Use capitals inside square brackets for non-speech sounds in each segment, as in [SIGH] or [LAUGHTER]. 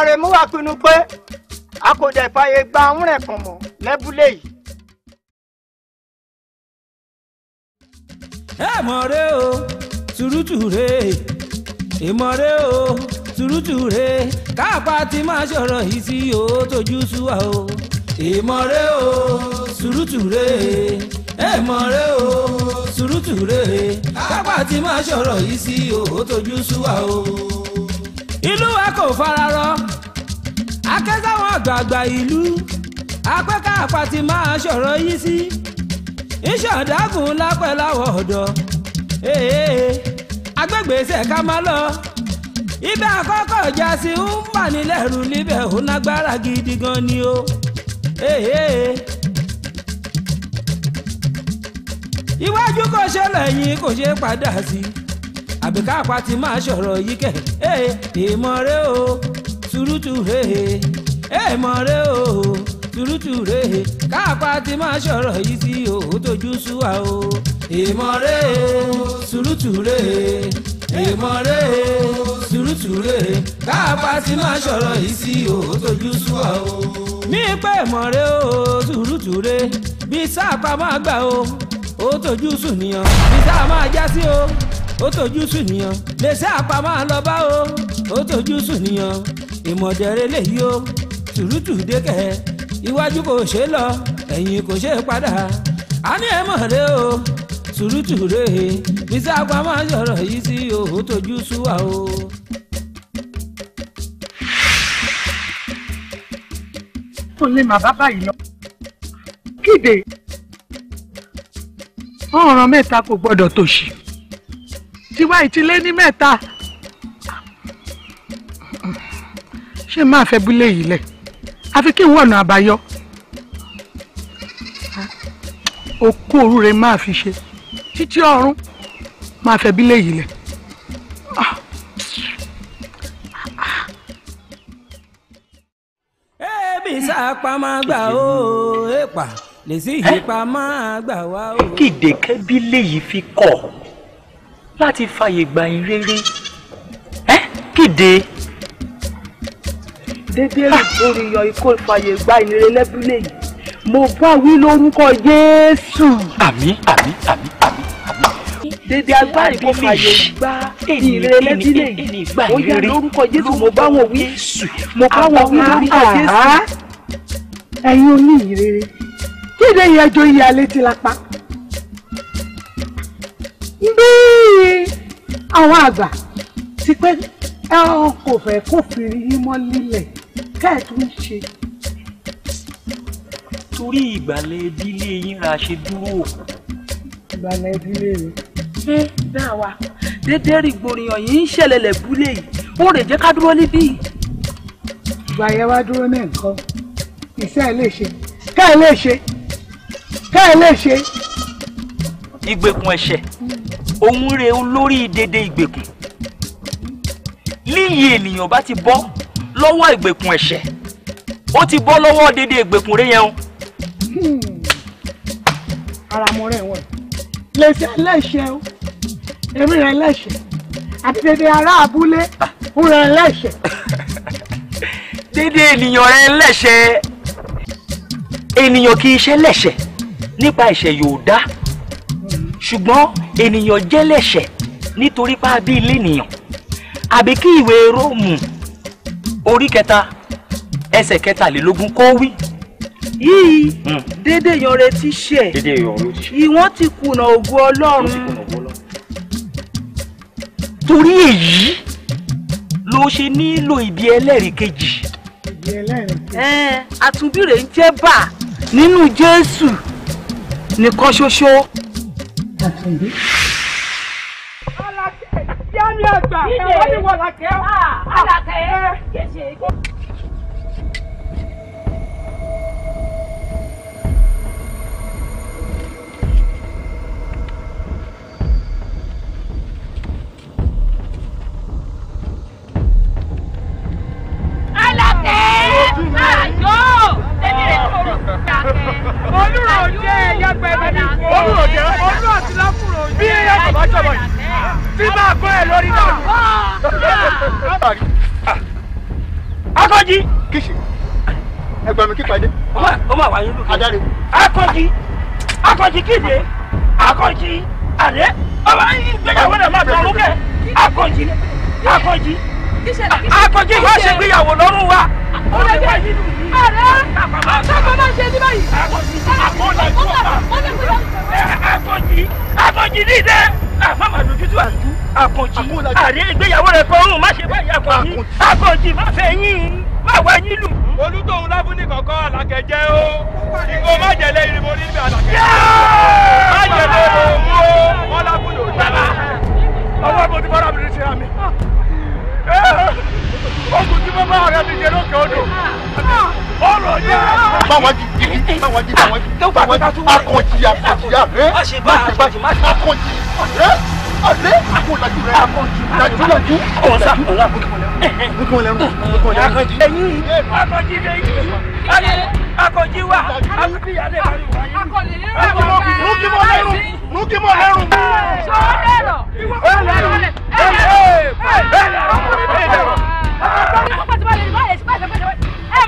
Àrẹ̀mú wa pinnu pé a kò dẹ̀ fàyè gba àwúrẹ̀ kan mọ́ lẹ́bùlé yìí. ẹ mọ̀rẹ́ o tùrùtùrẹ́ ìmọ̀rẹ́ o tùrùtùrẹ́ káàpá ti máa ṣọ̀rọ̀ yìí sí o tójú súwà o ìmọ̀rẹ́ o tùrùtùrẹ́ ẹ mọ̀rẹ́ o tùrùtùrẹ́ káàpá ti máa ṣọ̀rọ̀ yìí sí o tójú súwà o. ìlú wa kò fara rọ aké sáwọn àgbààgbà ìlú apẹ́ká àpàtì máa ṣọ̀rọ̀ yìí sí ìṣọ̀dágùn lápẹ́ láwọ̀ ọ̀dọ́ agbègbèsè ká má lọ ibẹ̀ àkọ́kọ́ ìjà sí ń pànílẹ̀rù níbẹ̀ ò nágbára gidi gan ni o. iwájú kò ṣe lẹ́yìn kò ṣe padà sí àbíká àpàtì máa ṣọ̀rọ̀ yìí kẹ̀ ìmọ̀re o. Hey, hey turutu rehe ẹ mọ̀ rẹ o turutu rehe káàpá ti máa sọ̀rọ̀ yìí sí òun tójú súwa o ìmọ̀ rẹ o turutu rehe ìmọ̀ rẹ o turutu rehe káàpá ti máa sọ̀rọ̀ yìí sí òun tójú súwa o. Mi pé ìmọ̀ rẹ o turutu re bí sáàpá máa gbà o ó tójú sùn nìyàn bí sáà máa já sí o ó tójú sùn nìyàn lè sáàpá máa lọ bá o ó tójú sùn nìyàn ìmọ̀jẹ̀rẹ̀ lè yí o tùrútù dékẹ̀ iwájú kò ṣe lọ ẹ̀yìn kò ṣe padà a ní ẹ mọ̀ rẹ o tùrútù rẹ bísí àpamọ́ yọ̀rọ̀ yìí sí òhò tójú súwà o. kò lè má bá báyìí lọ kéde ọ̀ràn mẹ́ta kò gbọ́dọ̀ tòṣì tiwa ìtìlẹ́ ní mẹ́ta ṣé máa fẹ́ búlé yìí lẹ̀ àfi kí n wọ̀nà àbáyọ òkú òru rẹ máa fi ṣe títí ọ̀run máa fẹ́ bílé yìí lẹ̀. ẹbí sápá máa gbà ó èpà lè sí ìyípa máa gbà wá ó. kí ìdèkẹ́bí léyìí fi kọ̀ láti fààyè gbà yín rere kíde bébèrè lórí yan ikó ìfàyè gba ìnire lẹ́bílẹ̀ yìí mo bá wí lórúkọ Jésù. àmín àmín àmín àmín dèdè agbá ìkó fàyè gba ìnire lẹ́bílẹ̀ yìí ó lórúkọ Jésù mo bá wọn wí mo bá wọn wí lórúkọ ah, ah, Jésù. Ah. ẹ̀yin oníyìí rere kí yẹn jọ iye alẹ́ ti la pa bí àwọn àgbà ti pẹ́ ẹ kò fẹ́ kófìrí yín mọ́ lílẹ̀ tẹ́ ẹ̀ tó ń ṣe torí ìgbàlẹ̀ ìdílé yín ra ṣe dúró òkú. ìgbàlẹ̀ ìdílé mi. ṣé dáa wa dédé rìgbòrìyàn yìí ń ṣẹlẹ̀ lẹ́bùlé yìí ó rè jẹ́ ká dúró níbí. ìgbà yẹn wá dúró ní nǹkan ìṣe ẹ̀ lè ṣe ká ẹ̀ lè ṣe ká ẹ̀ lè ṣe. ìgbèkùn ẹ̀ṣẹ̀ òun rè olórí dédé ìgbèkùn líyìí ènìyàn bá ti bọ́ lọ́wọ́ ìgbèkùn ẹ̀ṣẹ̀ ó ti bọ́ lọ́wọ́ dédé ìgbèkùn rẹ yẹn o. Hmm. ara mo rẹ̀ wọ̀ lẹ́sẹ̀ ẹlẹ́ṣẹ̀ o èmi rẹ̀ ẹlẹ́ṣẹ̀ àti dédé ará abúlé ń rẹ̀ ẹlẹ́ṣẹ̀. [LAUGHS] dédé ènìyàn rẹ̀ ẹlẹ́ṣẹ̀ ènìyàn kì í ṣe lẹ́ṣẹ̀ nípa ẹ̀ṣẹ̀ yóò dá ṣùgbọ́n ènìyàn jẹ́ lẹ́ṣẹ̀ nítorí pé bí ilé ènìyàn àbí kí ìwé róòmù orí kẹta ẹsẹ̀ kẹtàlélógún kó wí yìí hmm. dédé yanre ti ṣe ìwọ́n ti kùnà ògo ọlọ́run torí èyí ló ṣe nílò ibi ẹlẹ́rìí kejì àtúnbírè ń jẹ́ bà nínú jésù nìkan ṣoṣo. àtúnbí bí àgbà ẹ̀wọ́n ni wọ́n làkẹ́ ọ́. Ah, ah, àlàkẹ́ kéṣe. Àlàkẹ́ àjọ olùrọ̀ jẹ́ ẹyẹ pẹ̀lú ní olùrọ̀ jẹ́ olùrọ̀ ti lọ́kùnrin òjò. bí ẹyẹ kò bá jọ̀bọ̀ yìí tí máa gbọ́ ẹ lórí náà. akọ́jí. kìsì ẹgbẹ́ mi kí pàdé. ó mà wáyé lókè. adarí. akọ́jí akọ́jí kéde akọ́jí àlẹ́ ọba ìgbéyàwó náà máa bẹ̀rù lókè akọ́jí akọ́jí akọ́jí wá ṣègbéyàwó lọ́rùn wa àkànjì ní ìdẹ àfàmàdùn tútù àdú àkànjì àrí ìgbéyàwó rẹ fọrùn má ṣe báyìí àkànjì àkànjì má fẹ́ yín má wá yín lù. olùtòun lábúní kọ̀ọ̀kan àlàkẹ́jẹ́ o ìgò má jẹ̀lẹ̀ ìrìnbó níbi àlàkẹ́jẹ́ má jẹ̀lẹ̀ òun o wọ́n lábúlò. ọwọ́ mo ti bọ́ra mi ní sira mi ogun tí bàbá rẹ ti jẹ lókè odò ọ̀rọ̀ yẹ. báwọn jí jí báwọn jí báwọn jí báwọn jí akọ̀jì akọ̀jì yá akọ̀jì ọ̀lẹ́ àkọlàjú rẹ̀ akọ̀jú lajú lajú ọ̀sà ọ̀là akọ̀jú akọ̀jú ẹ̀yìn akọ̀jú ẹ̀yìn akọ̀jú wa akọ̀jú yàrá ìbárí wa yìí akọ̀jú lókì mọ́ lẹ́rù lókì mọ́ lẹ́rù. sọ́ọ́dẹ̀rọ̀ ẹ̀rọ ẹ̀rọ ẹ̀rọ ẹ̀rọ ẹ̀ mọ̀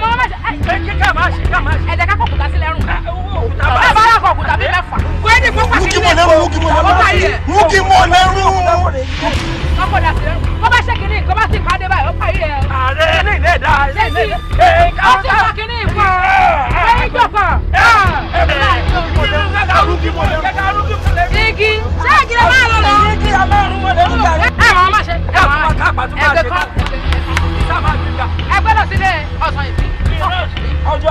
ọ́n mẹ́sẹ̀ ẹ̀ ẹ̀ kíkà máa ṣe ká máa ṣe ẹ̀jẹ̀ ká kọ̀kùtà sílẹ̀ rùn. owó òkúta bá mọ̀ lẹ́rù mú kí mọ̀ lẹ́rù mú kí mọ̀ lẹ́rù. ọkọ la sí lẹ́rù kó bá ṣe kínní kó bá sì pàdé báyìí ó parí rẹ̀. ààrẹ ilé ilé ẹ̀dá ilé ilé ẹ̀ka ọ̀sẹ̀ ọ̀sẹ̀ ọ̀sẹ̀ kínní ìfọ̀ ẹ̀yìn jọ̀kọ̀. igi ṣáàjì rẹ̀ máa lọ lọ. igi a máa rún mọ́ lẹ́rù jàre. ẹ̀ wọ́n máa ṣe ẹ̀ wọ́n máa ká pàtó máa ṣe ká ẹgbẹ́ lọ sílé ọ̀sán ìbí. ọjọ́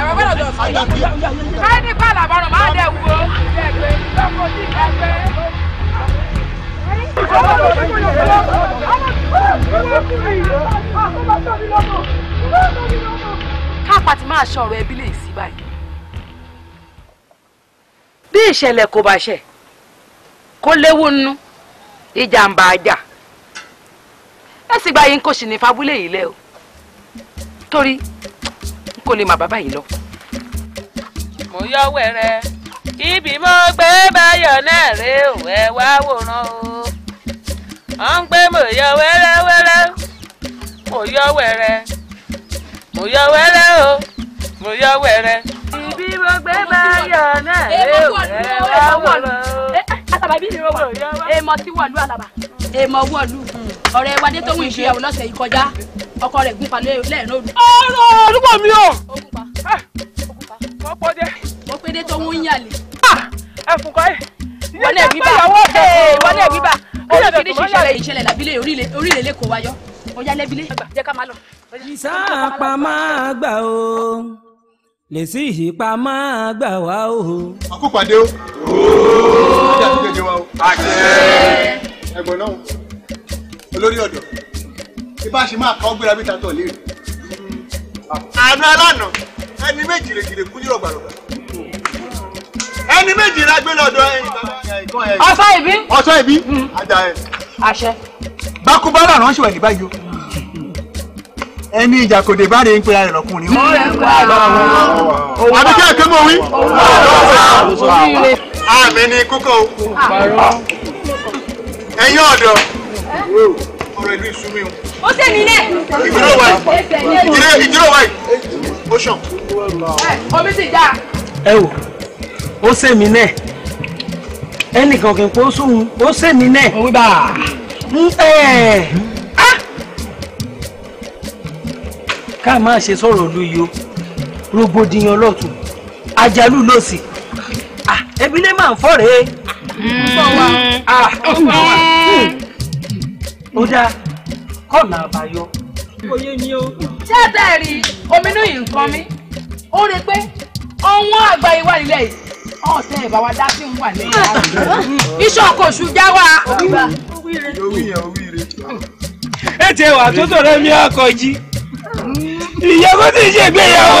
ẹ̀rọ gbọ́dọ̀ jọ ọ̀sán ìbí. káyọ̀ ní máa ṣọ̀rọ̀ ẹbí lè sí báyìí. bí ìṣẹ̀lẹ̀ kò bá ṣẹ̀ kó léwu nínú ìjàmbá ajá ẹ sì gba yín kò sì ní fabúlé yìí lẹ o torí n kò lè má bàbá yìí lọ. mo yọ wẹrẹ ibi mo gbé báyọ̀ náà rè ó ẹ wá wòran o wọ́n ń pé mo yọ wẹ́rẹ́wẹ́rẹ́ mo yọ wẹrẹ mo yọ wẹrẹ o mo yọ wẹrẹ. ibi mo gbé báyọ̀ náà rè ó ẹ wá wòran o. àtàbà ni mo wà èèmọ̀ tí wọ̀lú àtàbà èèmọ̀ wọ̀lú ọ̀rẹ́ wadé tó ń ìṣèyàwó lọ́sẹ̀ yìí kọjá ọkọ rẹ̀ gúnpa lẹ́ẹ̀rún òdu. ọ̀rọ̀ olúkọ mi o. ó gúnpa ó pọ́ dé. ó pé dé tó ń yàlè. Ah, ẹ̀fùn kọ́ ẹ̀. wọ́n lẹ̀ wíbà wọ́n lẹ̀ wíbà oríṣiríṣi ìṣẹ̀lẹ̀ ìṣẹ̀lẹ̀ làbílẹ̀ orílẹ̀ lẹ́kọ̀ọ́ wáyọ́ ó yá lẹ́bílẹ̀. jẹ́ ká o lè sí ìyípa máa gbà o. àkópàdé o. ó yà tó kéde wa o. àṣẹ ẹ̀gbọ́n náà olórí ọ̀dọ́ ibà ṣe máa kọ́ gbéra bí tatọ̀ léèrè. àná alánà ẹni méjì lè jìnnà kúnlẹ̀ ọ̀gbàlọ̀gbà ẹni méjì la gbé lọ́dọ̀ ẹ̀yìn. ọ̀sọ́ ìbí. ọ̀sọ́ ìbí. Hmm. ajá ẹ. àṣẹ. bákúbárà ránṣẹ́ wẹ̀ ní báyìí o ẹni ìjà kò dé báre ń pera rẹ̀ lọ́kùnrin. àbíkẹ́ ẹ̀kẹ́ mọ̀ wí. àmì ni kúkọ̀ òkú. ẹ̀yin ọ̀dọ́ ọ̀rọ̀ ìlú ìsúnmí o. ó tẹ̀mí náà. ìdúró wa ìdílé ìdúró wa ó ṣàn. omi ti dà. ẹ wò ó sèmi náà ẹnìkan kì í pọ́ sóhun ó sèmi náà. ó bá a. ká máa ṣe sọ̀rọ̀ lu yìí o rògbòdìyàn lọ́tún àjálù lọ́sì ẹbí lè máa ń fọ́ rèé. Mm. ó ó dáa kọ́ọ̀nà àbáyọ. òye mi o. ṣé ẹ tẹ́ ẹ rí ominú yìí nǹkan mi ó rí i pé ọ̀wọ́n àgbà yìí wà nílẹ̀ yìí ọ̀tẹ̀ ẹ̀ bá wa dá sí ń wà lẹ́yìn láàrín. iṣan kò ṣù já wa. ẹ tẹ wà tó tọrẹ mi ọkọ jí ìyàwó tí ì ṣègbéyàwó.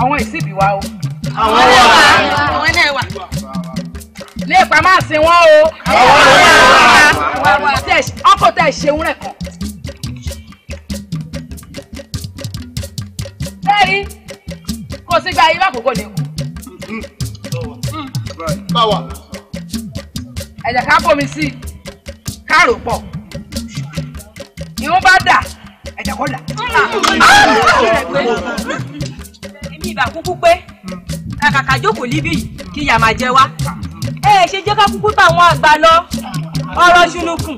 àwọn ìsìbí wa o. àwọn náà wà àwọn náà wà. ní ipa máa sin wọn o. àwọn náà wà. ọkọ̀ tẹ̀ ṣeun rẹ̀ kan. sẹ́rí kò sí gba irú àkókò ni o. báwa. ẹ̀jẹ̀ ká bomi sí i ká rò pọ̀ ìhun bá dà ẹ̀jẹ̀ kò dà ibà kúkú pé kàkàkà jókòó líbì kí ìyà máa jẹ wá ẹ ṣe jẹ́ ká kúkú bá àwọn àgbà lọ ọ̀rọ̀ ṣùnùkùn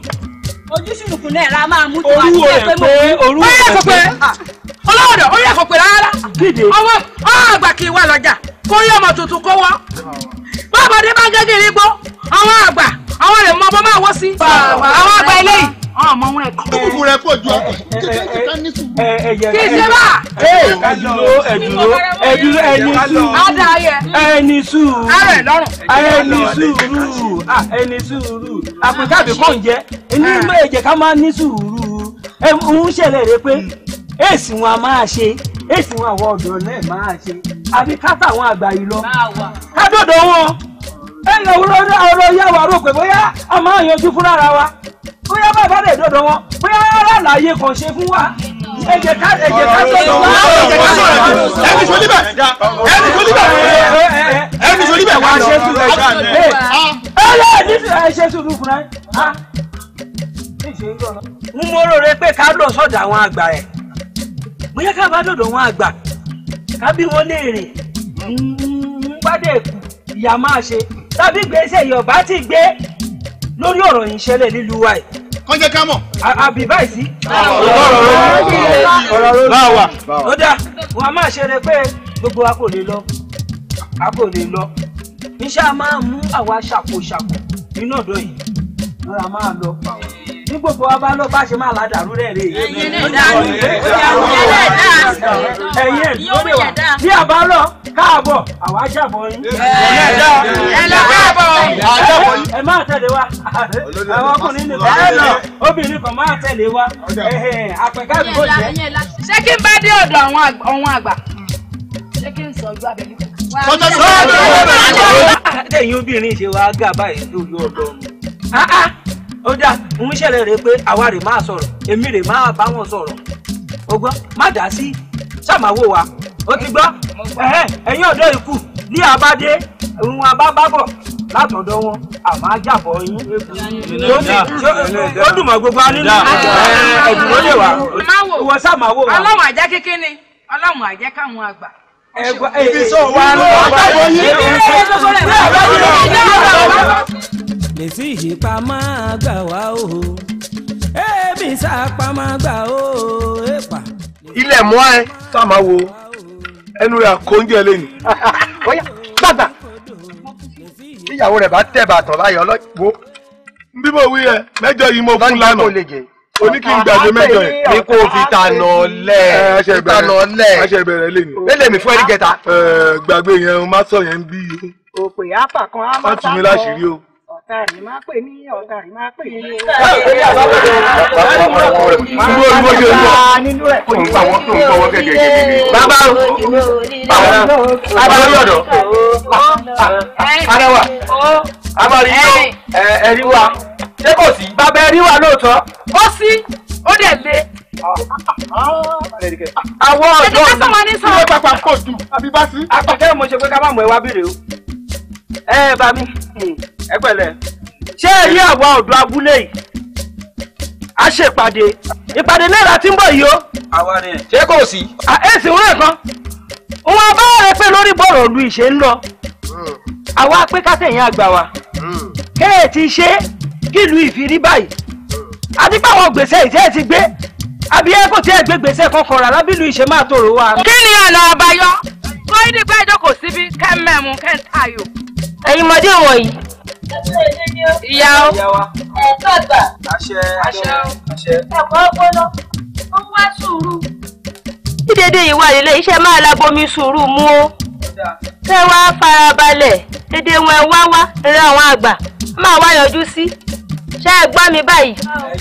ojú ṣùnùkùn náà ra máa mú tó wá sí ẹgbẹ́ mọ́ orú rẹ̀ pé ọlọ́ọ̀dọ̀ orí ẹ̀kọ́ pé rárá ọwọ́ àgbà kì í wà lọ́jà kó rí ọmọ tuntun kó wọ́ bàbá dé bá gẹ́gẹ́ rí gbó àwọn àgbà àwọn rẹ̀ mọ ọmọ wọn ẹkọ. kúkú rẹ pọ̀ ju ọkọ kíkà ní sùn. kì í ṣe bá. ẹdùnú ẹdùnú ẹdùnú ẹni sùúrù. adàyẹ. ẹni sùúrù. arẹ lọ́rùn. ẹni sùúrù ẹni sùúrù. àpèká àbí kò ń jẹ ẹni méje ká máa ní sùúrù. ń ṣẹlẹ̀ rẹ pé èsì wọn a máa ṣe èsì wọn àwọn ọ̀dọ́ náà máa ṣe àbí ká táwọn àgbà yìí lọ ká dọ̀dọ̀ wọn ẹ̀yìn òwúrọ̀ ọ̀rọ̀ yà wà rò pé bóyá a máa yanjú fúnra wa bóyá bàbá rẹ̀ dọ̀dọ̀ wọn bóyá aláàyè kan ṣe fún wa ẹ ká ẹ ká sọ̀rọ̀ wá ẹ jẹ́ ká sọ̀rọ̀ ẹni sọ níbẹ̀ ẹni sọ níbẹ̀ ẹni sọ níbẹ̀ wá ṣe sùn ẹ ṣe sùn ẹ ṣe sùn fún fúnra n mo rẹ pé ká lọ sọ́dọ̀ àwọn àgbà ẹ bóyá ká bá dọ̀dọ̀ wọn àgbà ká bí wọn lè rìn ń bá ìyá máa ṣe tàbí gbèsè Yorùbá ti gbé lórí ọ̀rọ̀ ìṣẹ̀lẹ̀ nílùú wa yìí. kọ́ jẹ́ ká mọ̀. àbí báyìí sí. ọ̀rọ̀ ló wà. ó dáa wọn a máa ṣẹlẹ̀ pé gbogbo wa kò lè lọ a kò lè lọ iṣẹ́ a máa mú àwa ṣàkóṣàkó nínú ọ̀dọ́ yìí lọ́ra máa lọ bí gbogbo wa bá lọ bá ṣe máa ládàrú rẹ̀ rè é ẹ̀yin ẹ̀ dáa bí a bá lọ káàbọ̀ àwa jàbọ̀ yín ẹ lọ káàbọ̀ ẹ máa tẹ̀lé wa àwọn ọkùnrin nìkan ẹ lọ obìnrin kan máa tẹ̀lé wa àpẹ̀ká ìbò jẹ́. ṣé kí n bá dé ọ̀dọ̀ àwọn àgbà ṣé kí n sọ ojú abẹ́lé kan. tẹ̀yin obìnrin ṣe wá gà báyìí lórí ọ̀dọ́ mi ah, ah. ó dáa ń ṣẹlẹ̀ rẹ pé àwa rè máa sọ̀rọ̀ èmi rè máa bá wọn sọ̀rọ̀ o gbọ́ má dá sí sàmáwò wa o ti gbọ́ ẹ̀yin ọ̀dọ́ ikú ní àbádé ìwọn abábábọ̀ látọ̀dọ̀ wọn àmọ́ ajábọ̀ yín ó dùn mọ́ gbogbo anínú ẹ̀dùn ló lè wá ìwọ sàmáwò wa. ọlọ́run àjẹ́ kékeré ọlọ́run àjẹ́ káwọn àgbà ibi sọ wa ló wà báyìí gbèsè ìṣèpamọ́ àgbà wá o èmi sàpamọ́ àgbà o èpà. ilẹ̀ mọ́ ẹ sáà máa wo ẹnu rẹ̀ àkóńjọ ẹ lẹ́nu. [LAUGHS] bóyá bàbà ìyàwó rẹ̀ bá tẹ̀ bàtàn báyọ̀ ọlọ́wọ́. bí mo wí ẹ mẹ́jọ yìí mo fún lánàá o ní kí n gbàgbé mẹ́jọ yẹn. ní kó o fi tanà lẹ̀ fi tanà lẹ̀ aṣẹ bẹ̀rẹ̀ lè ní. bẹ́ẹ̀ lèmi fún ẹni jẹta. gbàgbé yẹn o má sọ yẹn ń bí. òpè àpà kan á má sá lọ. má tún mi láṣìírí o ọ̀tàrí máa bàbá bàbá lọ́dọ̀ ara pápá kò dùn àbí bá sí. àpàkẹ́ mo ṣe pé ká má mọ̀ ẹ wá bèrè o. ẹ bá mi ẹ pẹ̀lẹ́ ṣé ẹ rí àwa ọ̀dọ́ abúlé yìí a ṣe ìpàdé ìpàdé náírà tí ń bọ̀ yìí o. àwa ni ẹ. ṣé kò sí. èsì wọn nǹkan wọn bá rẹ pé lórí bọ̀rọ̀ lu ìṣe ń lọ àwa pé kátẹ̀yìn àgbà wa kẹ́ẹ̀ ti ṣe kílùú ìfìrí báyìí àti báwọn gbèsè ìṣe ti gbé àbí ẹ kò tiẹ̀ gbé gbèsè kankan rà lábìlú ìṣe máa tòrò wa. kí ni ọ̀nà àbáyọ kó ní pẹ́ jókòó síbi kẹ́mẹ̀mú kẹ́ńtayò. ẹ̀yin mọ̀dé wọ̀nyí ìyàwó ẹ̀tọ́ àgbà àṣẹ àṣẹ ẹ̀kọ́ ọpọlọ ó ń wá sùúrù. dídéde ìwà ilé iṣẹ́ máa labomi sùúrù mú o kẹ́ wá farabalẹ̀ dédé wọn wá wá eré àwọn àgbà máa wá yọjú sí ṣé ẹ gbọ́ mi báyìí.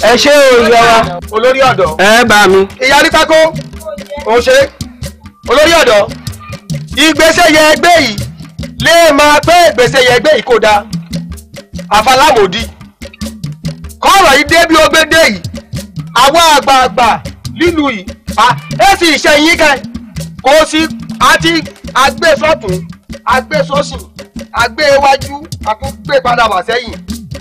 ẹ ṣé o ìyá wa. olórí ọ̀dọ́. ẹ bá mi. ìyá arípákó òṣè olórí ọ̀dọ́ ìgbésẹ̀ yẹ ẹgbẹ́ yìí lè máa pé ìgbésẹ̀ yẹ ẹgbẹ́ yìí kò dáa àfàlàmòdì kọ́ọ̀rọ̀ yìí dé bí ó gbé dé yìí àwa àgbààgbà lílu yìí ẹ sì ṣẹ̀yìn kẹ kò sí àti agbésọ́tún agbésọ́sìn agbéwájú àtúgbépadà wà sẹ́yìn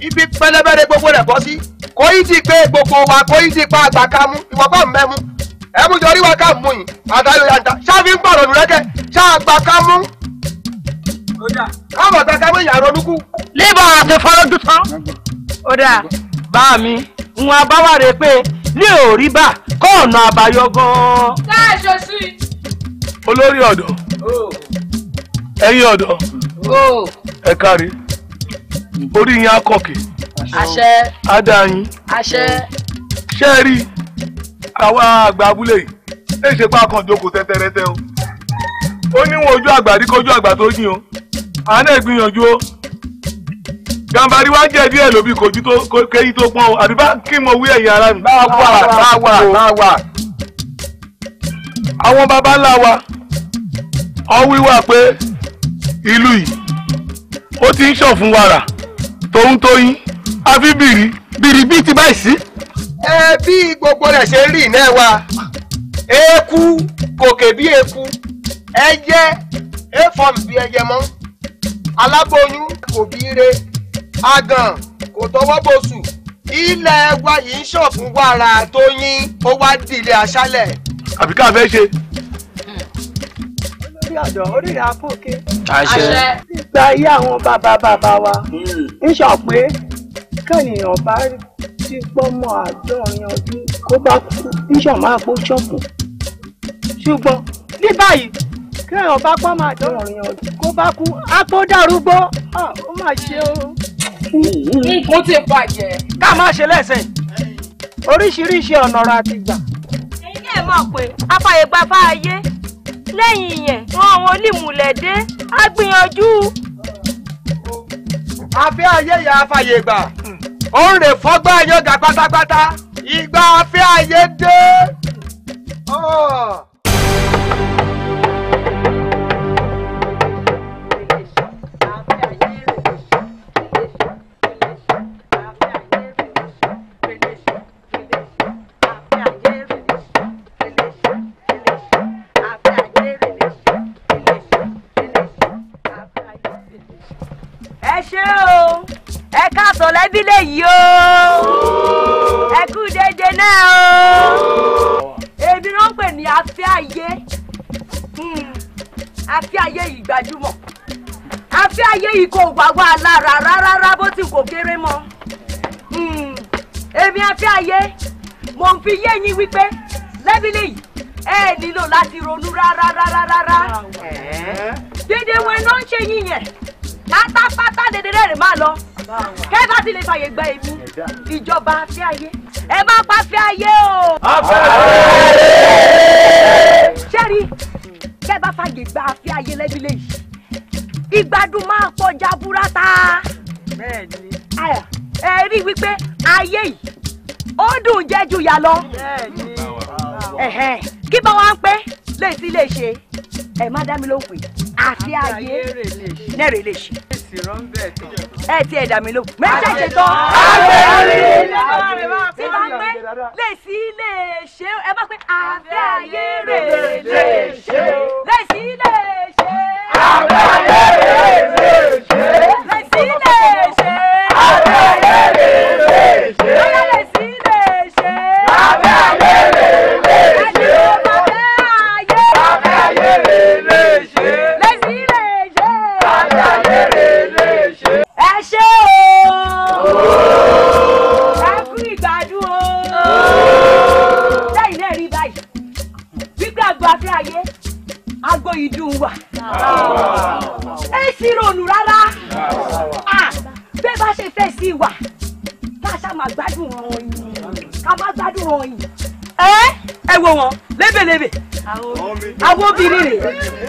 ibi pẹlẹbẹrẹ gbogbo rẹ̀ bọ́ sí kò yí ti pé gbogbo wa kò yí ti pa àgbà ká mú ìwọ bá mẹ́mu ẹ̀mú jọrí wa ká mú yìí àdáyọ̀ yàtà ṣáfi ń pàrọ̀ nù rẹ́kẹ̀ ṣáà àgbà ká káàbọ̀ tá a káwé yàrá olúkú. lébà àti fọlọ́dún tán. ó dáa bá mi ń wọn bá wà rè pé ní òrí bá kọ́ ọ̀nà àbáyọ gan-an. tá ṣe sí i. olórí ọ̀dọ́ oh. ẹ̀yin ọ̀dọ́ oh. ẹ kárí orí yín akọ̀kẹ́ àṣẹ adáyín àṣẹ ṣe rí àwa àgbà abúlé yìí èsì pa kàn jókòó tẹ́tẹ́rẹ́tẹ́ o ó níwọ̀n ojú àgbà rí kọjú àgbà tó yín o à ń gbìyànjú o gambari wa jẹ díẹ̀ lóbi kojú tó kéyí tó pọn o àbí kí mo wí ẹ̀yin ara mi. bá wà bá wà bá wà. àwọn baba ńlá wa ọ wíwà pé ìlú yìí ó ti ń ṣọ̀fun wàrà tóun tóyin àfi bìrì bìrì bíi ti báyìí sí. ẹ bí gbogbo rẹ̀ ṣe rí iná wa eku gòkè bí eku ẹ jẹ́ ẹ fọ́ọ̀mù bí ẹ jẹ mọ́ aláboyún kò bíire àgàn kò tọwọ́ bòṣù ilẹ̀ wa yìí ń ṣọ̀fún wàrà tó yín ó wá dìlé aṣálẹ̀. àbí ká fẹ́ ṣe. olórí ọ̀dọ́ orí rẹ̀ àpòkè. àṣẹ. nígbà ayé àwọn bàbá bàbá wa hmm. ń sọ pé kẹ́nìyàn bá ti gbọ́mọ àádọ́rin ọdún kó bá kú ń sọ máa kó ṣọ̀pù ṣùgbọ́n ní báyìí kéèyàn bá pọ́n máa jọ kó bá kú á tó dàrúgbó ah, ó máa ṣe o. nǹkan ti bàjẹ́. ká máa ṣe lẹ́sẹ̀ oríṣiríṣi ọ̀nà ọ̀rọ̀ àti gbà. ẹ̀yin náà mọ̀ pé afàyègbà fáayé lẹ́yìn ìyẹn wọn àwọn onímùlẹ̀ á gbìyànjú. afẹ́ ayé ya afàyègbà ó ń rè fọ́gbà yóò ga pátápátá ìgbà afẹ́ ayé dé. Oh. ẹbí lè yí o ẹ kú dédé náà o èmi náà ń pè ní afẹ́ ayé hmm. afẹ́ ayé yìí gbajúmọ̀ afẹ́ ayé yìí kò wá wá lára rárá bó ti kò kéré mọ́ hmm. èmi afẹ́ ayé mò ń fi yé yín wípé lẹ́bílẹ̀ yìí ẹ nílò láti ronú rárá rárá rárá dédé wọn náà ń ṣe yín yẹn pátápátá dédé rẹ̀ máa lọ kẹ́ bá ti lè fàyè gba èmi ìjọba afẹ́ ayé ẹ bá pa afẹ́ ayé o. afẹ́ ayé. sẹ́rí kẹ́ fàyè gba afẹ́ ayé lẹ́bílẹ̀ yìí ìgbádùn máa kọjá búrátà. bẹ́ẹ̀ni. ẹ rí i wípé ayé yìí ó dùn jẹ́ yà lọ. bẹ́ẹ̀ni. kí bá ń pẹ́ lè sí lè ṣe ẹ má dá mi lóhùn pé àti ayé lẹ́rìí lè ṣe. ẹ ti ẹ̀dá mi ló méjèèjì tán. àgbẹ̀rẹ̀ tí bá pẹ́ lè sí lè ṣe ẹ bá pẹ́ àti ayé rè lè ṣe lè sí lè ṣe. àti ayé lè ṣe lè sí lè ṣe. tiriri.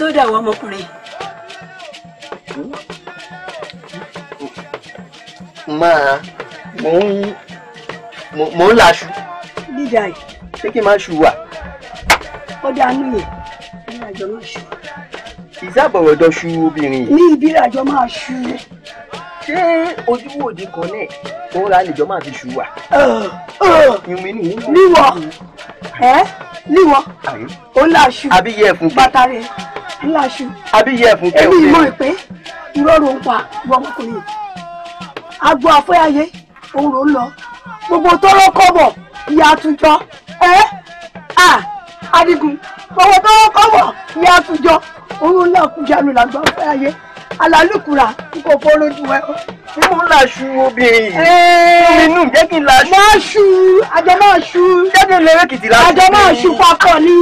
sódà wa ọmọkùnrin. máa mò ń mò ń làṣù. dídà yìí. ṣé kí n máa ṣù wà. ó dánú yẹn ní àjọ máa ṣù. ìsábọ̀rọ̀dọ̀ ṣu obìnrin yìí. ní ibi àjọ máa ṣù. ṣé ojúwòde kan náà tó ń ra àlejò máa fi ṣù wà. ìrìn nìyí. níwọ̀ ẹ́ níwọ̀ ó làṣù bàtà rẹ̀ ńláṣu. àbí yẹ fún kẹ́hìn. èmi ìmọ̀ ìpẹ́ ìrọ̀rùn pa ìwọ ọmọkùnrin agbo àfẹ́yàyé òòrùn lọ gbogbo tọ́rọ́ kọ́bọ̀ ìyá àtúnjọ ẹ́ à adigun gbogbo tọ́rọ́ kọ́bọ̀ ìyá àtúnjọ òòrùn ńlá kújànù làgbà àfẹ́yàyé alálùkùrà kò fọ́rọ́ ju ẹ. inú làṣù obìnrin yìí inú jẹ́ kí n làṣù. máa ṣu àjọ máa ṣu. jẹ́ kí làṣù. àjọ máa ṣu papọ̀ ni.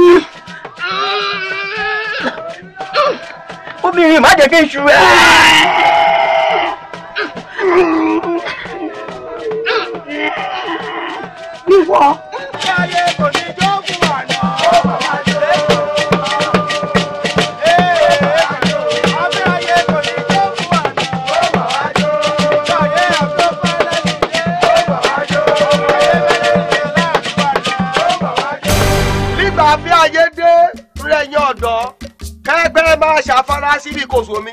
我明天买点看书啊！师傅。máa ṣàfárá síbi kòsò mi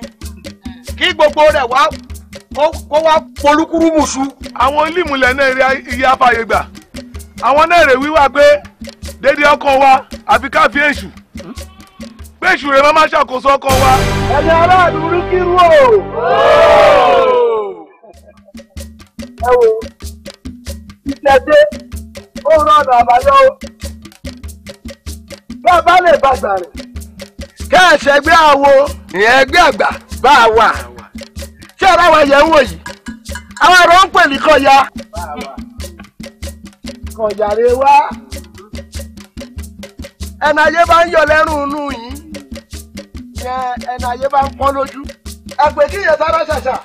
kí gbogbo rẹ̀ wá kó wá polúkúrú mùsù. àwọn ilé-ìmùlẹ̀ náà rí iye afáyé gbà àwọn náà rè wíwá pé dédé ọkàn wa àfi ká fi èṣù pé èṣù rẹ̀ máa ṣàkóso ọkàn wa. ẹ̀yin aráàlú rí kírú o. ẹ wo ìṣẹ̀dé ó rọrùn àbáyọ bá a bá lè bàgbà rẹ̀. kẹ́ẹ̀sì ẹgbẹ́ àwo ìyẹn ẹgbẹ́ àgbà bá a wà wa ń wò yìí àwọn ọ̀rọ̀ ń pè ní wá ẹnu ayé bá ń yọ lẹ́rùn inú yìí yẹn bá ń lójú ẹgbẹ́ kí sára ṣàṣà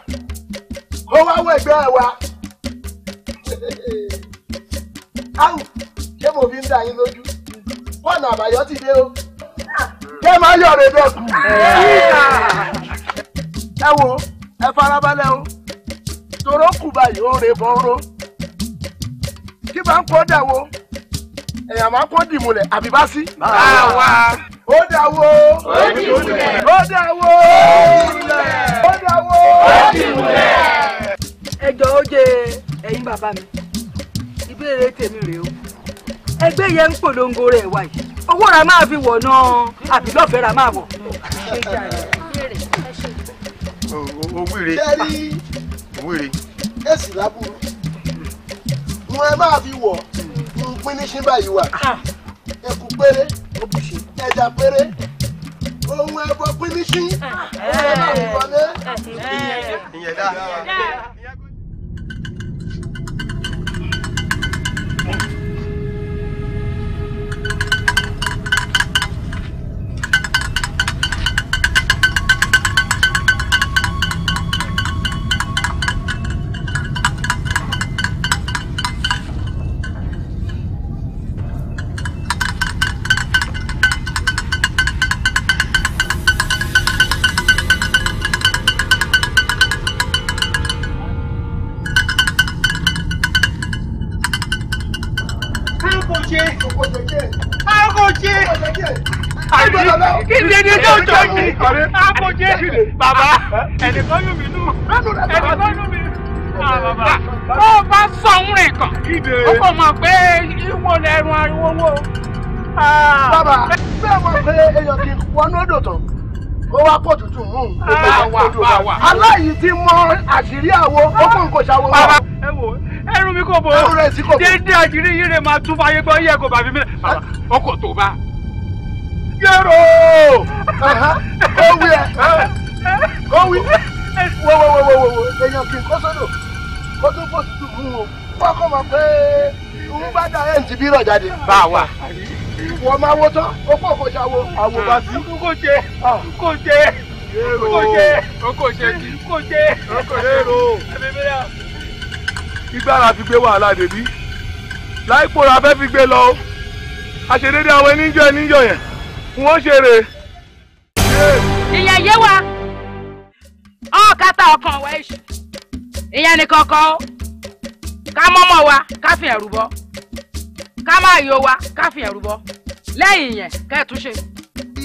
wá wọ ẹgbẹ́ wa áwù ṣé mo fi ń dà yín lójú kẹ́ máa yọ̀ rẹ̀ dọ̀kù. ẹ wo ẹ farabalẹ̀ o toro kù báyìí ó rè bọ́rọ́ kí bá ń kọ́ dà wo èèyàn máa kọ́ dìmúlẹ̀ àbí bá sí. báwa ó dà wo ó dìmúlẹ̀ ó dà wo ó dìmúlẹ̀ ó dà wo ó dìmúlẹ̀. ẹ jọ̀ọ́ ó jẹ́ ẹ̀yin bàbá mi ìbéèrè tèmi rèé o ẹgbẹ́ yẹn ń polongo rẹ̀ wáyé owó ra máa fi wọ̀ náà àbí lọ́fẹ̀ẹ́ ra máa wọ̀. owíire owíire. èsì lábúrú wọn ẹ máa fi wọ̀ ń pín ní ṣín báyìí wà ẹkú ah. péré ẹja péré ohun ẹbọ pín ní ṣín ẹ máa fi wọlé. ìyẹn dáa. Eh. ní ọjọ́ yìí mi nù ẹnìkan yóò mi nù bàbá tó bá sọ ń kàn ó kò mọ̀ pé ìwọ lẹ́rùn ariwo wo. bàbá bẹ́ẹ̀ mọ̀ pé èèyàn kì wọnú odò tán ó wá pọ̀ tuntun mú un. aláyìí ti mọ àṣírí àwo ó kún kò ṣàwo. bàbá ẹ wò ó ẹrù mi kò bò déédéé àjírí yìí rè máa tún fàyè gbọ́ yẹ kó bàbí mi. ọkọ̀ tó bá. yẹ́rọ̀ kówí ẹ kówí wowowowowo èèyàn kì í kó sódò kó tún kó tutù fún o wọ́n kọ́ mọ̀ pé ń bá dá ẹ̀ ń ti bí rọ̀ jáde. bá a wà. wọ́n máa wo tán ó pọ̀ kó ṣàwo àwo bá sí. kò jẹ kò jẹ ah. kò jẹ kò jẹ kò jẹ kò jẹ. ìgbára fi gbé wàhálà dèbí láìpòrò afẹ́ fi gbé lọ o àṣedédé àwọn ẹníjọ ẹníjọ yẹn wọ́n ṣeré ìyẹn yé wa ọ̀ọ́kátà ọkàn wa ẹ̀ṣẹ̀ ìyẹn nìkan kan ó ká mọ́mọ́ wa ká fi ẹ̀rù bọ́ ká má yọ wa ká fi ẹ̀rù bọ́ lẹ́yìn yẹn kẹ́ẹ̀túnṣe.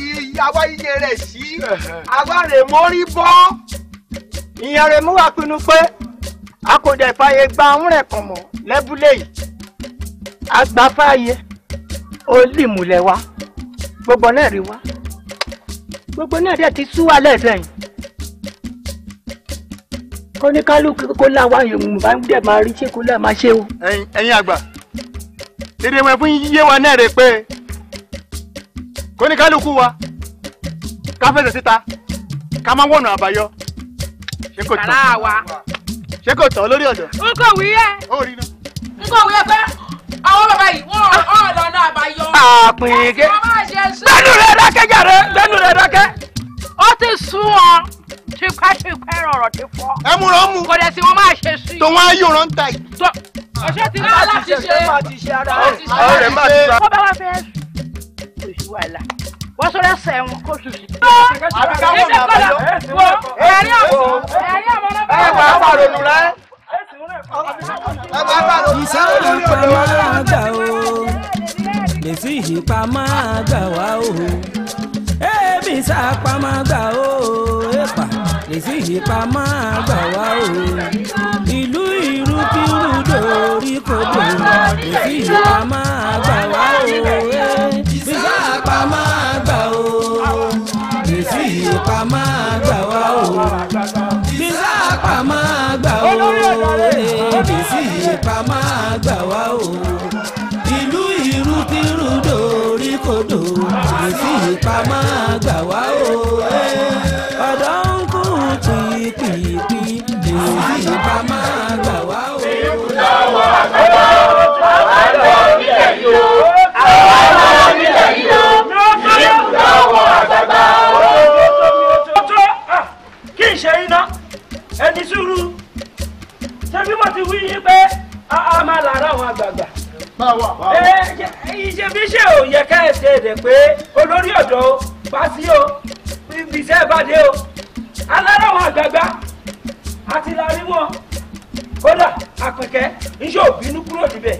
ìyàwó iye rẹ̀ sí àwa rè mórí bọ́. ìyẹn rẹ̀ mú wa pinnu pé a kò dẹ̀ fàyè gba ń rẹ̀ kàn mọ́ lẹ́bùlé yìí a gba fàyè ó lì múlẹ̀ wa gbogbo náà rí wa gbogbo náà dẹ̀ ti sú wa lẹ́sẹ̀ yìí kọ́níkálukú kó láwa yòówù bá dẹ̀ máa rí ṣé kó lẹ́ẹ̀ máa ṣe o. ẹ̀yin àgbà èdè wọn fún yíyé wa náà rè pé kọ́níkálukú wa ká fẹsẹ̀ síta ká má wọ̀nà àbáyọ ṣé kò tán ṣé kò tán lórí ọ̀dọ̀. n kò wí ẹ n kò wí ẹ pé àwọn bàbá yìí wọ́n ọ̀nà ọ̀nà àbáyọ. àpèké lẹ́nu rẹ̀ dákẹ́ jàre lẹ́nu rẹ̀ dákẹ́. ó ti sún ọ tipẹ́tipẹ́ rọ̀rọ̀ ti fọ́. ẹ mú ràn mú. kò dẹ̀ sí wọn máa ṣe sí. tòun á yóò rán ta yìí. ọṣẹ ti rán láti ṣe láti ṣe ara rẹ̀ máa ti ra. wọ́n bá wá fẹ́ sùn kò wọ́n sọ lẹ́sẹ̀ wọn kó tutù. àbíkáwọ̀ nàbàyọ. ẹ̀rí àwọn ẹ̀rí àwọn ọmọ náà bá wà. ẹ iṣẹ́ olùpamọ́ àgbà o lèsì ìpamọ́ àgbà wa o èmi ìsàpamọ́ àgbà o èpà lèsì ìpamọ́ àgbà wa o ìlú ìrúkìrú dòrí kodò lèsì ìpamọ́ àgbà wa o ìsàpamọ́ àgbà o lèsì ìpamọ́ àgbà wa o pa máa gbà ó abc pa máa gbà wá o ìlú irú tìrú dòrí kodò abc pa máa gbà wá o ọ̀dọ́ ń kú pìpìpì abc pa máa gbà wá o. ìlú náà wà lọ́wọ́ àwọn ọ̀dọ́ nílẹ̀ yìí àwọn àgbààgbà ìṣèfiṣẹ́ ò yẹ ká ẹ ṣe èdè pé olórí ọ̀dọ́ o pàṣí o ibiṣẹ́ ìbàdí o alára àwọn àgbààgbà àti láàrin wọn kódà àpẹ̀kẹ́ iṣẹ́ òbínú kúrò níbẹ̀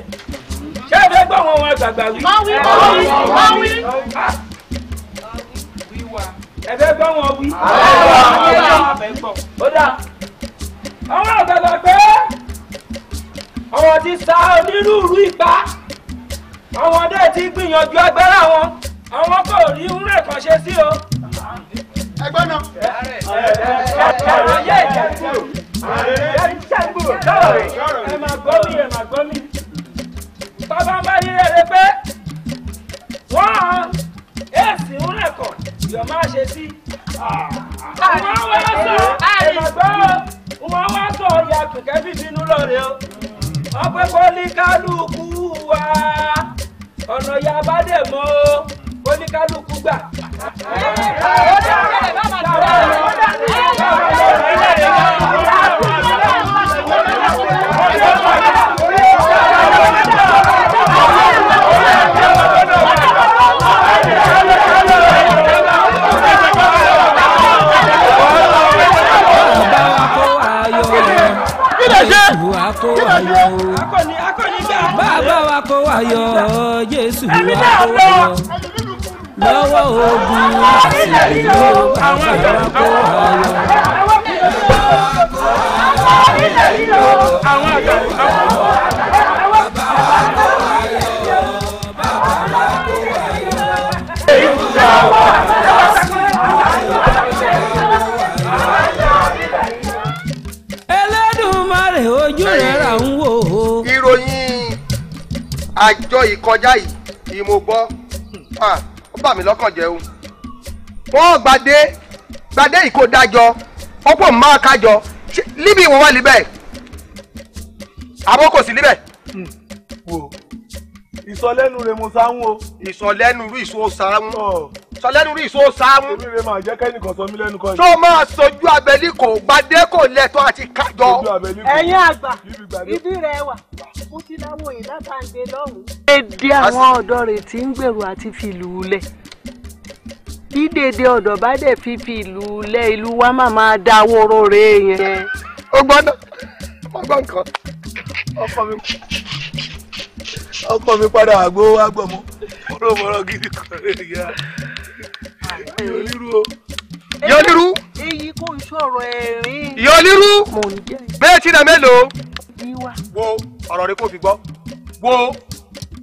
ṣé ẹ fẹ́ gbọ́ àwọn ohun àgbààgbà wí. wọ́n wí wọ́n wí wọ́n wí. ẹ fẹ́ gbọ́ wọn wí. ó dà àwọn àgbààgbà pé àwọn ti sa onírúurú ipá àwọn dẹ́ ti gbìyànjú agbára wọn àwọn kò rí rẹ̀ kàn ṣe sí o. ẹgbẹ́ náà. ẹ̀rọ yẹ ìjẹ́kùrò ẹ̀rọ ìjẹ́kùrò lọ́rọ̀ ẹ̀ máa gbọ́ mi ẹ̀ máa gbọ́ mi. bàbá máa rí rere pé wọ́n èsì ń rẹ̀ kàn yọ̀ máa ṣe sí. wọ́n wá sọ ẹ̀ máa gbọ́ wọ́n wá sọ ìyá kẹ̀kẹ́ bíbí inú lọ́rẹ̀ o ọpẹ́ kọ́níkálukú wa ọ̀nà ìyá abádẹ̀ mọ́ kọ́níkálukú gbà. ọ̀dà ọ̀dà ọ̀dà ọ̀dà ọ̀dà ọ̀dà ọ̀dà kó wáyọ. bàbá wa kó wáyọ Jésù wa kó wáyọ. lọ́wọ́ ogun àti ìlú bàbá wa kó wáyọ. Àwọn àgbà àwọn. àjọ ìkọjá yìí ni mo gbọ́ ó bà mí lọ́kàn jẹ́ o wọ́n gbadé gbadé yìí kò dájọ́ ó pọ̀ máa kájọ níbi ìwọ̀n wà níbẹ̀ àbọ̀ kò sí níbẹ̀. Hmm. wo ìsọlẹ́nu rẹ̀ mo sáwọn o. ìsọlẹ́nu rú ìṣó sáwọn. sọ lẹ́nu rí ìṣó sáàmù. èmi rẹ̀ máa jẹ́ kẹ́nìkan sọ mí lẹ́nu kan. tó máa sojú abẹ́lí kò gbadé kò lẹ́tọ́ àti kájọ. ẹ̀yin àgbà ibi rẹ̀ wà mo ti láwọn èyí látàǹdé lọ́hùn. èdè àwọn ọ̀dọ́ rẹ̀ ti ń gbèrò àti fi ìlú lẹ̀ bí ọ̀dọ̀ bá dẹ̀ fi fi ìlú lẹ̀ ìlú wa máa máa da wóró rẹ̀ yẹn. ó gbọ́dọ̀ ó gbọ́ nǹkan ọkọ mi ọkọ mi padà àgbo agbọ̀mọ́ gidi kan rẹ̀ yá ìyá onírú o. ìyá onírú. èyí kò sọ̀rọ̀ ẹ̀rín. ìyá onírú. mò ń jẹ́. méjì náà mélòó. wíwá. wo ọ̀rọ̀ rẹ kò fi gbọ́ wo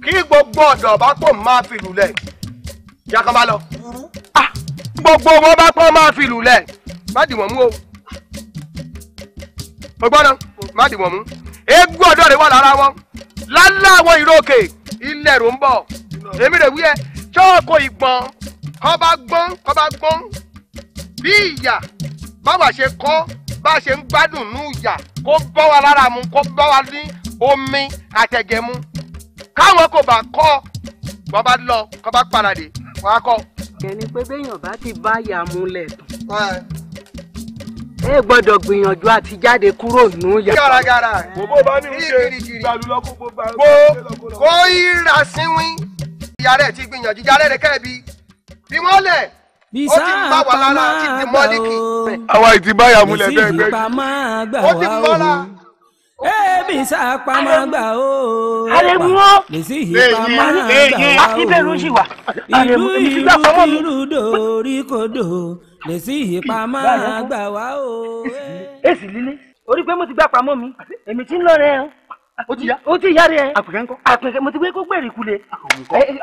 kí gbogbo ọ̀dọ̀ bá pọ̀ máa fi lulẹ̀ ìyá bá lọ. gbogbo wọn bá pọ̀ máa fi lulẹ̀ má dì wọ́n mú o. mo gbọ́ náà má dì wọ́n mú. eégún ọ̀dọ́ rẹ wà lára wọn lálẹ́ àwọn ìrókè ilẹ̀ rò ń bọ̀ èmi rè wí ẹ ṣọ́ọ̀kọ̀ ìgbọ̀n kọ́ bá gbọ́n kọ́ bá gbọ́n bí ìyà báwa ṣe kọ́ bá ṣe ń gbádùn ní ìyà kó bọ́ wa lára mu kó bọ́ wa ní omi àtẹ̀gẹ̀ mu káwọn kò bá kọ́ wọ́n bá lọ kọ́ bá paradì wọ́n á kọ́. ìyẹn ni pé béèyàn bá ti bá ìyà múlẹ̀ tán ẹ gbọ́dọ̀ gbìyànjú àti jáde kúrò nù yà. gàràgàrà bòbó bá ní ṣe gbàlú lọkọ gbogbo. kó kó ìrasínwín ìyá rẹ̀ ti gbìyànjú ìyá rẹ̀ kẹ́ẹ̀bi fi mọ́lẹ̀ ó ti bá wà lára ti di mọ́líkì. àwa ìtì báyà múlẹ̀ bẹ́ẹ̀ bẹ́ẹ̀ ó ti mọ́lá. Ebi sàpamọ́ gbà ó. Àlèmúwọ́. Lèsì ìpamọ́ gbà ó. Akíbẹ̀rù sì wà. Ìlú ìlú ìlú dòrí kodò. Lèsì ìpamọ́ gbà wá ó. Èsì líle, orí pé mo ti gbà pamọ́ mi, èmi ti ń lọ rẹ̀ ọ́ ó ti yá ó ti yá rẹ àpèkẹ́ ńkọ́ àpèkẹ́ mo ti gbé kó gbèrè kulè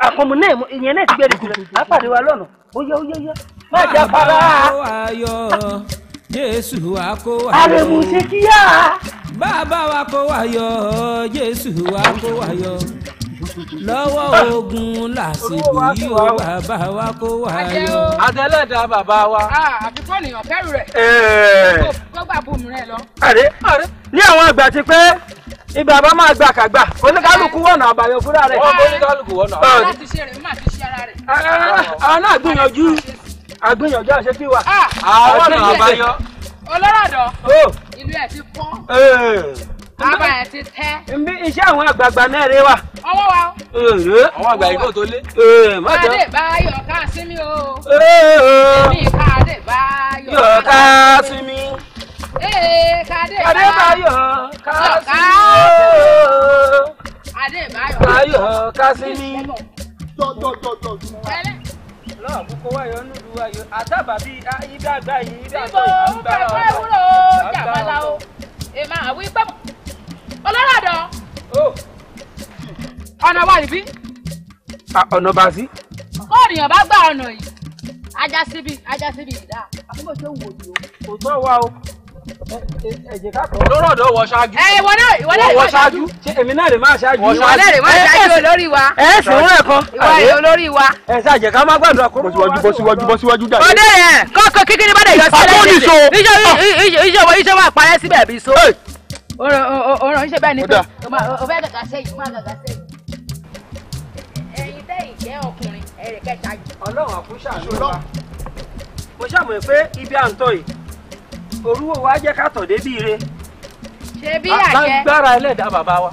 àkànmù náà ìyẹn náà ti gbèrè kulè àpàdé wa lọ́nà ó yá ó yá yá má jà para. Jésù wa kó wa yọ. Àrẹ̀mú ṣe kíyà. Bàbá wa kó wa yọ, Jésù wa kó wa yọ lọ́wọ́ ogun lásìkò yìí o bàbá wa kó wá yọ. àtẹlẹ́dà bàbá wa. àfikún ènìyàn kẹrù rẹ̀. gbogbo àbúrò rẹ̀ lọ. àrẹ àrẹ ní àwọn àgbà ti pẹ́ ibẹ̀ àbá máa gbà kàgbà oníkálukú wọ̀nà àbàyọ̀ fúnra rẹ̀. wọ́n bó oníkálukú wọ̀nà àbàyọ̀. láti ṣe rẹ̀ má fi ṣe ara rẹ̀. àwọn náà gbìyànjú àgbìyànjú àṣẹ kí wà. Ah, àwọn ọ̀nà àbáyọ. olórọ̀dọ̀ ìlú ẹ̀ ti pọ́. àbá ẹ̀ ti tẹ́. nbí iṣẹ́ àwọn àgbààgbà náà rẹ wà. ọwọ́ wa. àwọn àgbà yìí kò tó lé. káàdé báyọ̀ ká sí mi o. èmi káàdé báyọ̀ ká sí mi. Ade. Ade, Adébáyọ̀ Kásímí. Adébáyọ̀ Kásímí. Lọ́ọ̀ mú kó wáyọ̀ nílùú ayọ̀ àtàbà bíi ayídàgbà yìí dàgbà yìí. Ibo pẹ̀pẹ́ wúrò jàmọ́lá o. Èmi àwí pẹ́ ọlọ́rọ̀dọ̀. Oh. Ọ̀nà wa ìbí. Ọ̀nà bá sí. Bọ́ọ̀nìyàn bá gba ọ̀nà yìí. Ajá síbi, ajá síbi ìdá. Àkókò tó wù ú. Kò tọ́ wa o lọ́rọ̀ ọ̀dọ́ wọ ṣáájú. ẹ ìwọ náà ìwọ náà ìwọ ṣáájú. èmi náà lè máa ṣáájú. ìwọ náà lè máa ṣáájú olórí wa. ẹ ẹ sùn wọn ẹkọ. ìwọ ẹ olórí wa. ẹ ṣe àjẹká má gbàdúrà kó. bọ́síwájú bọ́síwájú bọ́síwájú dàgbé. ọdẹ yẹn kọ́kọ́ kíkiri bá dẹ̀ yọ sílẹ̀ ìjọba ìjọba àpárẹ́ síbẹ̀ bí so. ọ̀rọ̀ iṣẹ́ bẹ́ẹ̀ ni pé o fẹ́ gàgà sẹ́yìn o máa gàgà sẹ́yìn. ẹ̀yin tẹ́yìn jẹ́ ọkùnrin ẹ̀rẹ̀kẹta. ọlọ́run àkúṣà ló wà. mo ṣàmọ̀ pé ibi à ń tọ́ yìí orúwò wa jẹ́ ká tọ̀ débi ire. ṣé bí àjẹ́ lágbára ẹlẹ́dàá bàbá wa.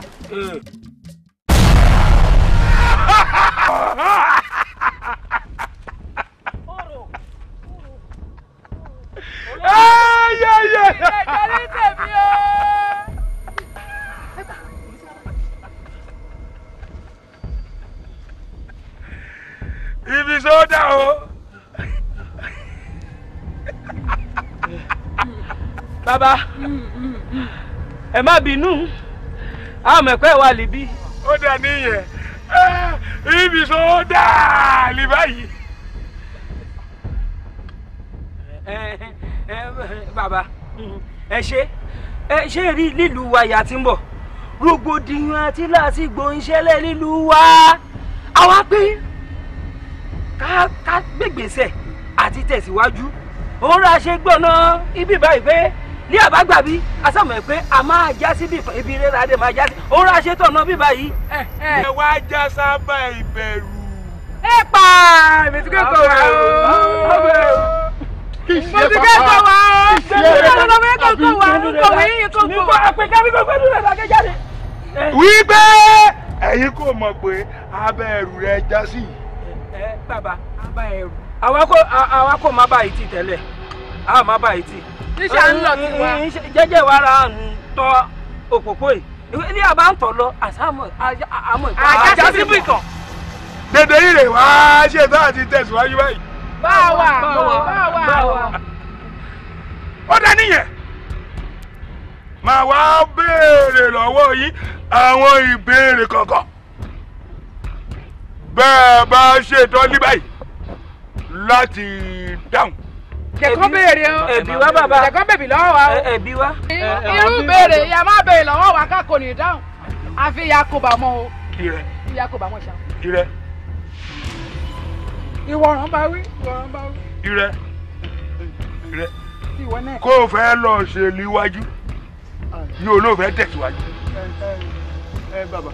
Ibi sọ́dá o. Baba, ẹ má bínú àwọn ẹ̀pẹ́ wà líbí. ó dà níyẹn ah, ibi sọ ó dà lè báyìí. bàbá ẹ ṣe ẹ ṣe rí nílùú wa ìyá tí ń bọ̀ rògbòdìyàn àti làásìgbò ń nílùú wa àwa pé ká gbégbèsè àti tẹ̀síwájú òun ra ṣe gbọ́nà ibi báyìí pé ní àbágbàbí asámọ̀ ẹ̀ pé a máa já sí bí ibi rírà dé máa já sí òun ra ṣètò ọ̀nà bíbá yìí. ẹ wá já sábà ìbẹ̀rù. ẹ pa ìmìtíkẹ́kọ̀ọ́ wa o. ìmìtíkẹ́kọ̀ọ́ wa o. ìmìtíkẹ́kọ̀ọ́ wa o. ìmìtíkẹ́kọ̀ọ́ wa o. ìmìtíkẹ́kọ̀ọ́ wa o. ìmìtíkẹ́kọ̀ọ́ wa o. wípé ẹ̀yin kò mọ̀ pé abẹ́ ẹ̀rù rẹ̀ já sí. ẹ bàbá abẹ́ ẹ̀rù. àwa kò má bá níṣà ń lọ tiwa. jẹ́jẹ́ wa ra tọ òpópó yìí ní àbá ń tọ̀ lọ àsámọ̀ àmọ̀ ìtọ́. àjá sí bí ìtọ̀. dèdè rírè wá ṣe tá àti tẹ̀síwájú báyìí. báwa báwa báwa. ó dá níyẹn màá wá béèrè lọ́wọ́ yín àwọn ìbéèrè kọ̀ọ̀kan bẹ́ẹ̀ bá ṣètò ní báyìí láti dáhùn jẹ̀kọ́ béèrè o ẹ̀bí wa bàbá jẹ̀kọ́ bèbí lọ́wọ́ wa o ẹ̀bí wa. irú béèrè ìyá má béèrè lọ́wọ́ wa ká kò ní dáhùn àfi ìyá kò bá mọ́ o ìyá kò bá mọ́ ṣá. irẹ. ìwọ̀ràn bá wí ìwọ̀ràn bá wí. irẹ irẹ kó o fẹ́ lọ ṣe níwájú yóò ló fẹ́ tẹ̀síwájú. ẹ bàbá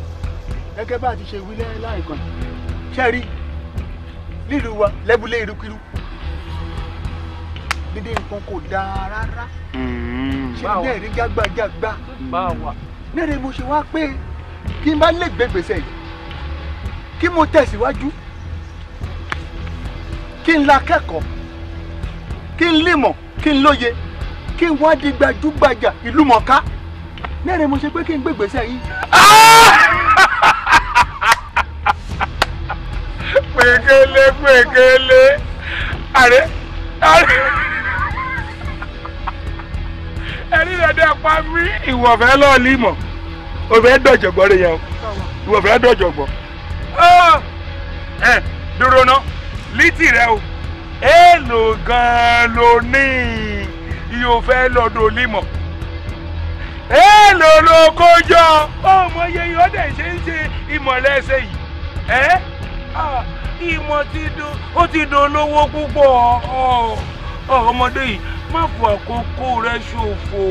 gẹ́gẹ́ bá a ti ṣe wí láìkan ṣẹ́ẹ̀rí nílùú wa lẹ́bùlé ìrúkìrú gbàgede nǹkan kò dáa rárá hmm. ṣe bẹ́ẹ̀ rí jágbàjágbà nẹ́rẹ̀ mo ṣe wá pé kí n bá lè gbé gbèsè yìí kí mo tẹ̀síwájú kí n la kẹ́kọ̀ọ́ kí n límọ̀ kí n lóye kí n wá di gbajúgbajà ìlú mọ̀ká nẹ́rẹ̀ mo ṣe pé kí n gbé gbèsè yìí. [LAUGHS] pèkélé pèkélé àrẹ àrẹ ẹ̀rí rẹ̀ dẹ́ pa mí ìwọ̀fẹ́ lọ́ọ́ límọ̀ òfẹ́ dọ̀jọ̀gbọ́ rẹ̀ yẹn o ìwọ̀fẹ́ dọ̀jọ̀gbọ́. ẹ dúró ná lítì rẹ o èèlò gan-an ló ní ìyófẹ́ lọ́dọ̀ límọ̀ èèlò ló kó jọ ọmọ iye ṣe ń ṣe ìmọ̀lẹ́sẹ̀ yìí ẹ́ ìmọ̀ ti dùn ó ti dùn olówó púpọ̀ ọmọdé yìí má fọ àkókò rẹ ṣòfò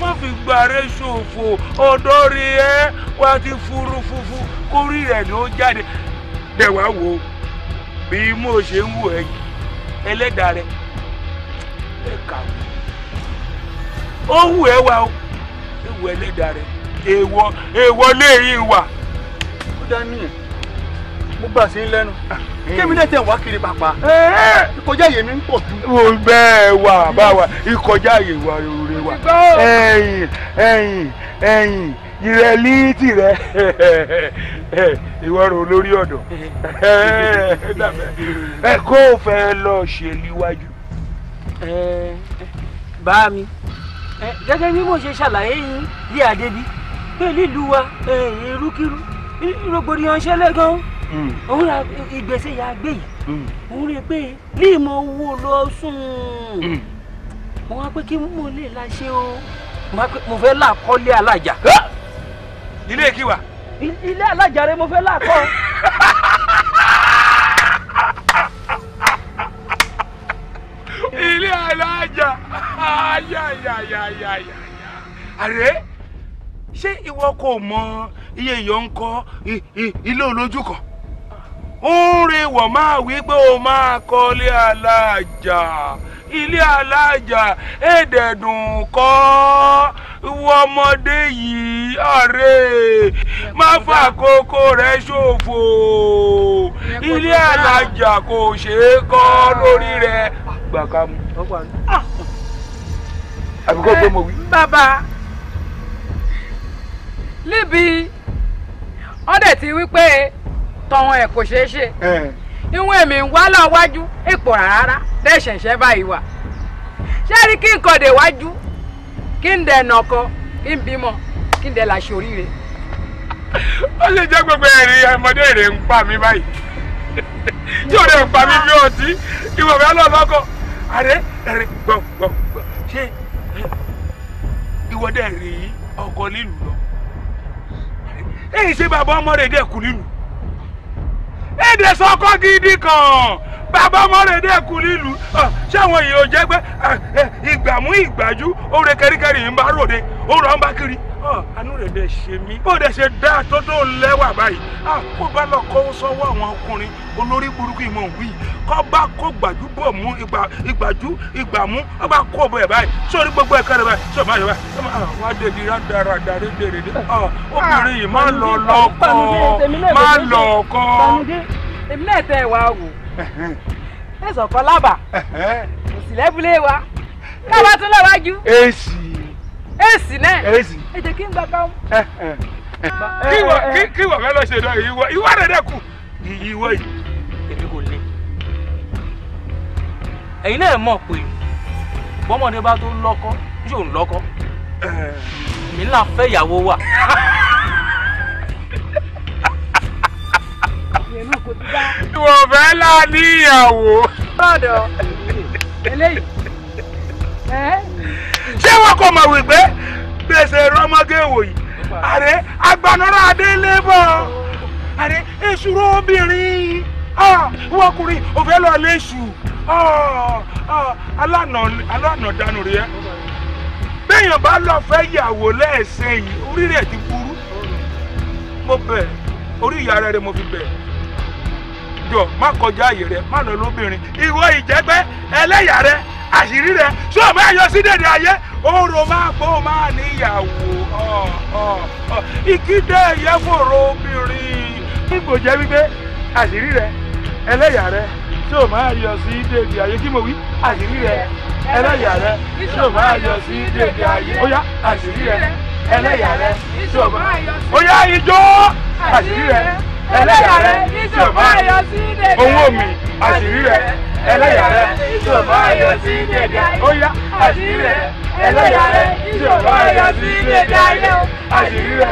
má fi gba rẹ ṣòfò ọ̀dọ́ rí ẹ wá ti furu fufu kórìí rẹ̀ ló jáde bẹ́ẹ̀ wá wò ó bí mo ṣe ń wò ẹ́ yìí ẹlẹ́dàá rẹ ẹ̀ka ó wù ẹ́ wa ó ewu ẹlẹ́dàá rẹ èèwọ̀ èèwọ̀ lè yí wa. ó dá níyẹn mo gbà sí lẹ́nu. Ah. Mm. kémi náà tẹ̀ wá kiri pàpà eh! ìkọjá yèé mi ń pọ̀ jù. o bẹ́ẹ̀ wà báwa ìkọjá yèé wà lóore wa ẹ̀yìn ẹ̀yìn ẹ̀yìn ìrẹ̀lí tìrẹ [LAUGHS] ìwọ rò lórí ọ̀dọ̀ [LAUGHS] ẹ kó o fẹ́ lọ ṣe líwájú. bá mi gẹ́gẹ́ bí mo ṣe ṣàlàyé yín yí àdébí pé nílùú wa irúkirú rògbòdìyàn ṣẹlẹ̀ gan-an. Mm. òun ra ìgbésẹ̀ ya gbé yìí mm. òun rí i pé ní ìmọ̀ owó lọ sùn mm. mo wá pé kí mo lè la ṣe o mo fẹ́ là kọ́lé alájà. ilé kí wa. ilé alájà rẹ mo fẹ́ là kọ́. ilé alájà ayayayayaya àrẹ ṣé ìwọ kò mọ iye ìyọ̀ ń kọ́ ilé olójú kan ń rewọ̀ máa wí pé o máa kọ́lé aláàjà ilé aláàjà ẹ̀ẹ́dẹ̀dùn kọ́ wọ́mọdé yìí ọ̀rẹ́ má fàkókò rẹ̀ ṣòfò ilé aláàjà kò ṣeé kọ́ lórí rẹ̀ eh, bàbá níbi ọ̀dẹ̀ ti wí pé tọ̀hún ẹ̀ kò ṣeé ṣe ìwọ̀n èmi ń wá lọ́wájú ipò rárá lẹ́sẹ̀ṣẹ̀ báyìí wà ṣé rí kí n kọ̀dé wájú kí n dẹ̀nà ọkọ kí n bímọ kí n dẹ̀ làṣẹ oríire. ó ṣe jẹ́ gbogbo ẹ̀rín ọmọdé èrè ń pa mí báyìí yóò rẹ̀ ń pa mí bí ọtí ìwọ̀n mi ọlọ́ọ̀lọ́kọ̀ àrẹ ẹ̀rín gbọ̀ngbọ̀ngbọ̀ ṣé ìwọ́dẹ̀ rí ọkọ nílùú lọ. èyí ṣe bàbá ọmọ rẹ̀ dẹ̀ kú nílùú èdè sọkọ gidi kan bàbá ọmọrèdè kù nílùú ṣáwọn èèyàn jẹ pé ìgbàmú ìgbàjú ó rẹ kẹríkẹrí ń bá ròde ó rọ ń bá kiri àánú rẹ̀ dẹ̀ ṣe mí bó dẹ̀ ṣe dá tó tó lẹ́wà báyìí kó bá lọ kó sọ́wọ́ àwọn ọkùnrin olórí burúkú ìmọ̀ wí kọ́ bá kó gbàjú bọ̀ mú ìgbàjú ìgbàmú ó bá kó bọ̀ ẹ̀ báyìí sórí gbogbo ẹ̀ka rẹ̀ báyìí sọ báyìí báyìí ah, wá débi rádára dárí dèrè dé obìnrin yìí má lọ lọ́kọ má lọ ọkọ. èmi náà tẹ ìwà wò [LAUGHS] ẹ̀sọ̀ kọ́ lábà òsì lẹ́bùlé wa ká bá tún lọ́wájú. èsì èsì náà èsì èjè kí n gbà ká. Eh, eh, eh. kí wọ́n fẹ́ lọ ṣe dán ìwọ ìwọ rẹ̀ dẹ́kù ìwọ yìí. èmi kò le ẹ̀yin náà mọ̀ pé bọ́mọdé bá tó lọ́kọ yóò lọ́kọ mi là fẹ́ ìyàwó wa. ìwọ fẹ́ là ní ìyàwó. bọ́dọ̀ eléyìí ṣé wọn kò mọ̀ wípé gbèsè rọmọgé wòyí àrẹ agbanọ́rọ̀ adé lébọ̀ àrẹ èṣùrọ̀ obìnrin wọkùnrin òfẹ́ lọ léṣù alánà dànù rẹ bẹ́ẹ̀yàn bá lọ fẹ́ yàwó lẹ́ẹ̀sẹ̀ yìí orí rẹ̀ ti burú mo bẹ̀ orí ìyá rẹ̀ mo fi bẹ̀ jọ má kọjá àyè rẹ má lọ lóbìnrin ìwọ ìjẹgbẹ́ ẹlẹ́yà rẹ àṣírí rẹ sọ ma yọ sí dèdè ayé oró máa bó máa níyàwó ìkídé ìyẹ́wòrò obìnrin nígbò jẹ́ wípé àṣírí rẹ ẹlẹ́yà rẹ sọ ma yọ sí dèdè ayé kí mo wí àṣírí rẹ ẹlẹ́yà rẹ sọ ma yọ sí dèdè ayé ó yá àṣírí rẹ ẹlẹ́yà rẹ sọ ma yọ sí dèdè àṣírí rẹ ẹlẹ́yà rẹ ìṣòfò ayọ̀ sí dèdè. owó mi àṣírí rẹ ẹlẹ́yà rẹ ìṣòfò ayọ̀ sí dèdè. ó yá àṣírí rẹ ẹlẹ́yà rẹ ìṣòfò ayọ̀ sí dèdè àṣírí rẹ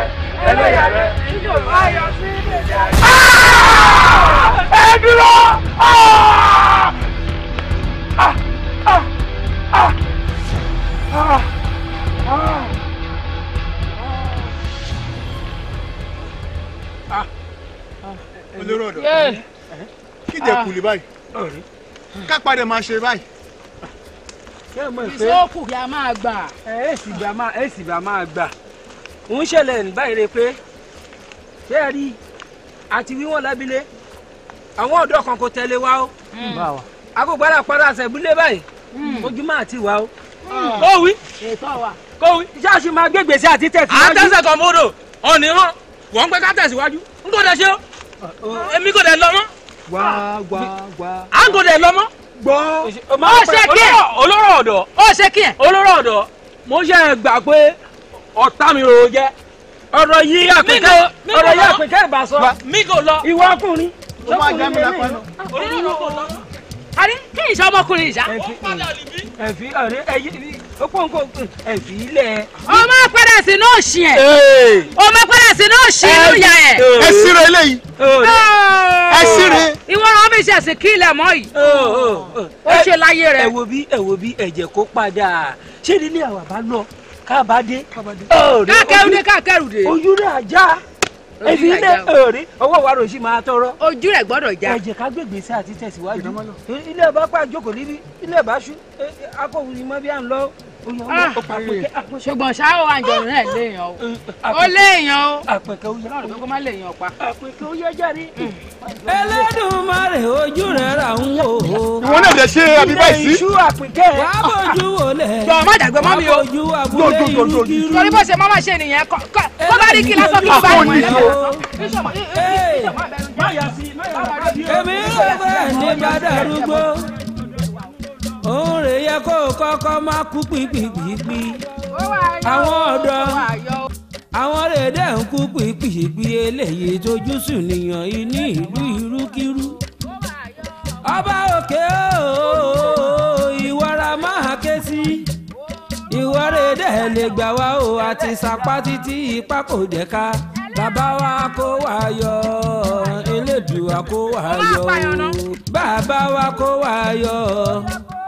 ẹlẹ́yà rẹ ìṣòfò ayọ̀ sí dèdè ẹ dúró. Ah! Ah! Ah! ah! ah! ah! lórí ọ̀dọ̀ kí dẹ̀ ah. kùlì báyìí ká padà máa ṣe báyìí. ìṣókù yà máa gbà. ẹ sì gbà máa ẹ sì gbà máa gbà ń ṣẹlẹ̀ ní báyìí rẹ pé ṣé ẹ rí àti wíwọ́n lábílẹ̀ àwọn ọ̀dọ́ kan kò tẹ̀lé wa o hmm. agogbara padà sẹ̀gbúlé báyìí hmm. ojúmọ́ àti wa o hmm. kó wí kó wí iṣẹ́ àṣìmọ́ agbègbèsè àti tẹ̀síwájú. àtẹ̀sẹ̀ kan mọ́dọ̀ ọ̀nìrán wọ́n ń pẹ́ ká tẹ̀síwájú ń tó dẹ̀ ṣe o èmi kò dẹ̀ lọ mọ́. wá wá wá. à ń kò dẹ̀ lọ mọ́. gbọ́. ó ṣe kí ẹ olóró ọ̀dọ̀. ó ṣe kí ẹ olóró ọ̀dọ̀. mo ṣe gbà pé ọ̀tá mi ò jẹ́ ọ̀rọ̀ yìí àpèkẹ́ ọ̀rọ̀ yìí àpèkẹ́ ìbásọ. mi kò lọ. ìwọ ọkùnrin. ó máa jẹ́ mi lápá náà. olóró ọ̀dọ̀ lọ́nà àní kí n ṣe ọmọkùnrin ìṣá. ẹ̀fí ọ̀rẹ́ ẹyí ó pọ̀ nǹkan ẹ̀fí ilẹ̀. ọmọ padà sínú òṣì ẹ̀ ọmọ padà sínú òṣì inú ìyá ẹ̀. ẹ síre eléyìí ẹ síre. ìwọ ọ̀rọ̀ mi ṣẹ̀sìn kí ilẹ̀ mọ́ yìí ó ṣe láyé rẹ̀. ẹ wo bí ẹ wo bí ẹ̀jẹ̀ kó padà ṣé nílé àwàbá lọ káàbá dé. káàkẹ́rù dé káàkẹ́rù dé. oyún rẹ̀ ajá èsì ilé òrí owó wa ròṣì máa tọrọ. ojú rẹ gbọ́dọ̀ já. ẹ jẹ́ ká gbègbè sí àti tẹ̀síwájú ilé ọba pàjókòó níbi ilé ọba ṣú e, e, akọ̀wé ni mo bí à ń lọ ṣùgbọ́n ṣáà wà jọ̀rọ̀ náà léèyàn o ó léèyàn o àpẹ̀kẹ́ ó yẹ kó má léèyàn pa. àpẹ̀kẹ́ ó yẹ jáde. Ẹlẹ́dùmarè ojú rẹ̀ rà ń wò ó. ìwọ náà lè ṣe àbí báyìí sí. ilé iṣu àpẹ̀kẹ́. wà bójú wò lẹ̀. jọ̀ọ́ má dàgbẹ́ mọ́ mi o. ojú abúlé ìlú kiri. torí bó ṣe máa ṣe nìyẹn kọ́ kó bá rí kí lásán kí bá rí èmi ò fẹ́ ní òòrè yẹ kó kọ́kọ́ má kú pípìpìpì àwọn ọ̀dọ́ àwọn rèédé ń kú pípìpì eléyìí tójú sùn nìyàn ní ìlú irúkirú ọba òkè ooo ìwọra máa ké sí ìwọ rèédé lè gbà wá o àti sapá títí ipá kò dẹ̀ ká bàbá wa kó wá yọ elédùà kó wá yọ bàbá wa kó wá yọ.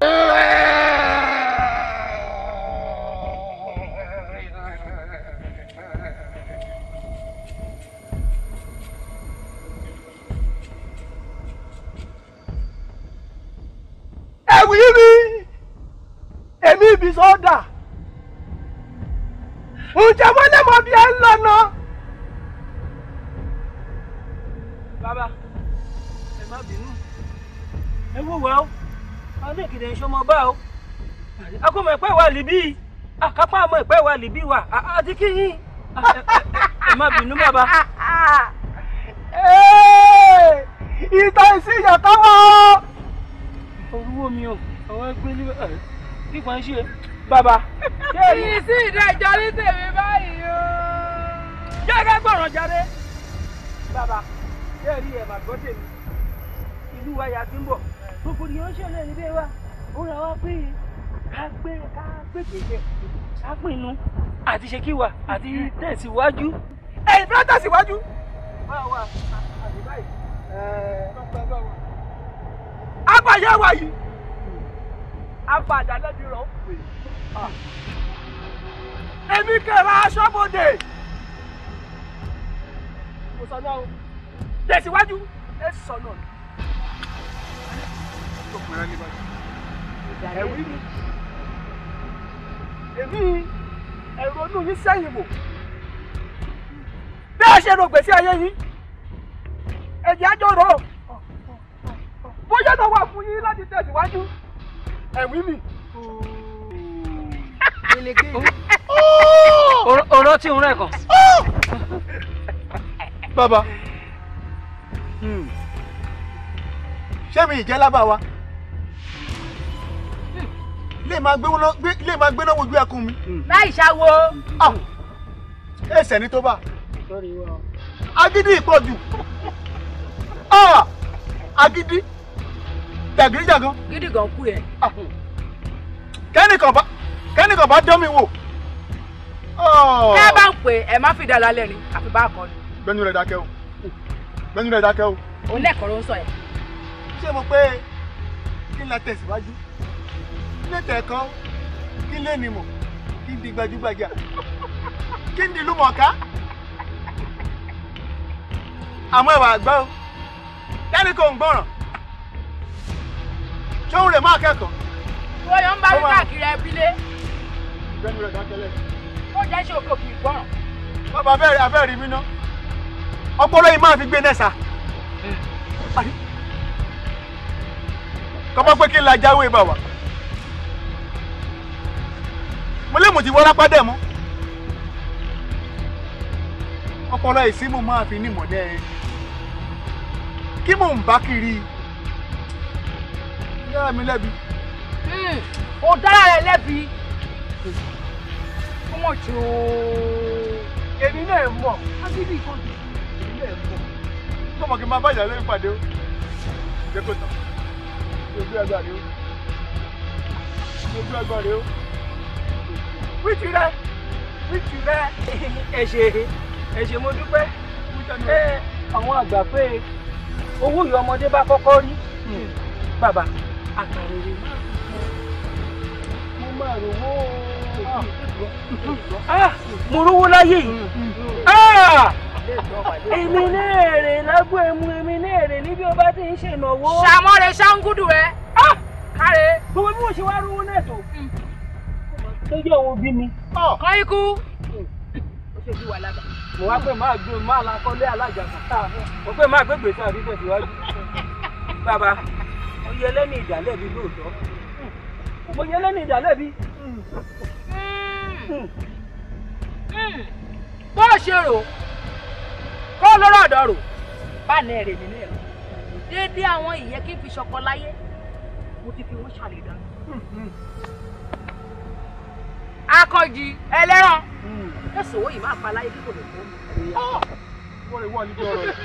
ẹ̀wì mi èmi ibi sọ́dà ǹjẹ́ wọ́n lè mọ ẹ má bínú ẹ wúwo ọ́ ọdún ìkìlẹ ìṣọmọ bá o akọmọ ìpẹ wà líbí àkápá ọmọ ìpẹ wà líbí wà àti kíyìn ẹ má bínú bàbá. ìtàn ìsìnyà táwọn. orúwó mi o àwọn ẹgbẹ́ ní kíkan ṣe bàbá. kìí sí ìdájọ́ ní tèmi báyìí o. jẹ́ gbọ̀ràn jáde. bàbá jẹ́rìí ẹ̀ màgbọ́ tèmi ìlú wa yà ti ń bọ̀ rògbòdìyàn ṣẹlẹ̀ níbẹ̀ wa ó ra wá pé ká gbé ká gbé gbèsè ká pinnu àti ṣe kí wa àti tẹ̀síwájú. ẹ̀yin fẹ́ tẹ̀síwájú. báwa àti báyìí abàyẹ̀ wa yìí abàdà lẹ́bi rọ̀ pé èmi kẹra aṣọ́bodè kò sọ náà tẹ̀síwájú ẹ sọ náà tó pera ní báyìí. ẹ̀wí mi èmi ẹ̀rọ inú yín sẹ́yìn wò bí a ṣe ro gbèsè ayé yìí ẹ̀jẹ̀ àjọ rò bóyá náà wà fún yín láti tẹ̀síwájú ẹ̀wí mi. ọ̀rọ̀ tí ń rẹ̀ kàn. bàbá ṣé mi ìjẹ́ lábàá wa lè máa gbé wọn lè máa gbé lọ́wọ́ ojú ẹkùn mi. láì hmm. ṣàwo. Hmm. ẹsẹ̀ ní tó bá. agídí ìpọ̀jù agídí jàgídíjàgan. gidi gan kú yẹ. Ah, hmm. kẹ́nìkan bá kẹ́nìkan bá dán mi wò. tẹ́ bá ń pè ẹ̀ má fi dàlá lẹ́ni àfi bá a kọ́ ni. gbẹ́nu rẹ̀ dákẹ́ o gbẹ́nu rẹ̀ dákẹ́ o. òun lẹ́kọ̀ọ́ ló ń sọ yẹn. ṣé mo pé kí n la tẹ̀síwájú kílé tẹ̀kan kílé nìmọ̀ kí n di gbajúgbajà kí n di lúmọ̀ọ́ká àmọ́ ẹ̀wà àgbá o dání kò ń gbọ́ràn ṣóun rè máa kẹ́kọ̀ọ́. wọ́n yọ ń bá rí káàkiri ẹbílé. ìgbẹ́ni rẹ̀ dákẹ́lẹ̀. ó jẹ́ ṣe òkè òkè ìgbọ́ràn. bàbá abẹ́rẹ́ abẹ́rẹ́ mi ná ọpọlọ yìí máa fi gbé nẹ́sà eh. kọ́mọ́ pé kí n la jáwé bàbá mo lè mọ̀ ti wọ́n rápá dẹ̀ mọ́ ọpọlọ ìsímù máa fi ní ìmọ̀lẹ́ ẹ kí mò ń bá kiri dára mi lẹ́bi. o hmm, dára rẹ lẹ́bi ọmọ tí o èmi náà mọ̀ ábíbí ìkọ́jú èmi náà mọ̀. tọmọ kí máa bá ìyá lórí pàdé o jẹ́ kó tán ojú ẹgbàá ojú ẹgbàá rẹ o. wítìrẹ wítìrẹ ẹ ṣé ẹ ṣé mo dúpẹ́ ẹ ọmọdé bá kọ́kọ́ rí bàbá àtàrèrè mo máa ah mo rówó láyé yìí emi náà èrè lagbo emu èmi náà èrè níbi ó bá ti ń ṣènáwó. ṣàmọ́ rẹ̀ ṣáńgùdù rẹ̀ gbogbo lójú òun bí mi. kọ́ ikú. ó ṣe bí wà lábà. mo wá pé máa gbé máa la kọ́lé alájàgbá. mo pé máa gbé gbèsè àbí tẹ̀síwájú. bàbá mo yẹ lẹ́nu ìdálẹ́bi lóòótọ́. mo yẹ lẹ́nu ìdálẹ́bi. Hmm. Hmm. bó o ṣe rò kó lọ́rọ̀ ọ̀dọ̀ rò bá a nẹ́ẹ̀rẹ̀ nínú ẹ̀rọ déédéé àwọn ìyẹn kí n fi ṣọkọ láyé mo ti fi wọ́n ṣàlè dáná akànjì ẹlẹ́ràn hmm. ẹ̀sùn owó yìí máa fa láyé kíkò lè fún mi. wọ́n lè wọ́n níbi ọ̀rọ̀ rẹ̀.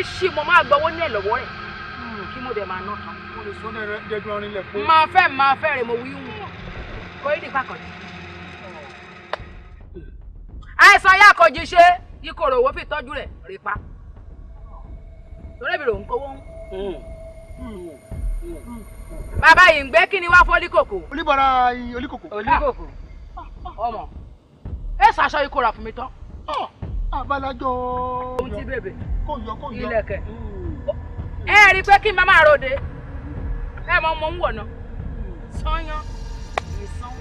iṣẹ́ mo máa gbọ́wọ́ ní ẹ̀lọ́wọ́ rẹ̀ kí mo dẹ̀ máa ná tán. mo lè sọ ní ẹ̀ẹ́dẹ́gbẹ́ ọrin lẹ̀ fún. máa fẹ́ máa fẹ́ rẹ̀ mo wí wù kó yín nípa kànjì. àìsàn ayé àkànjì ṣe ikọ̀ òwò fi tọ́jú rẹ̀ rí pa torí èbìrò ń kówó ń. bàbá yìí ń gbé kí ni wá fọ́líkòkò. olíbọ̀rọ̀ olíkòkò. olíkòkò ọmọ ẹ ṣàṣọ ikú ra fún mi tán. abalajọ ohun ti bèbè ilẹ̀kẹ̀ hmm. ẹ rí i pé kí n bá máa ròde ẹ mọ mọ ń wọ̀ náà sanyán ìsan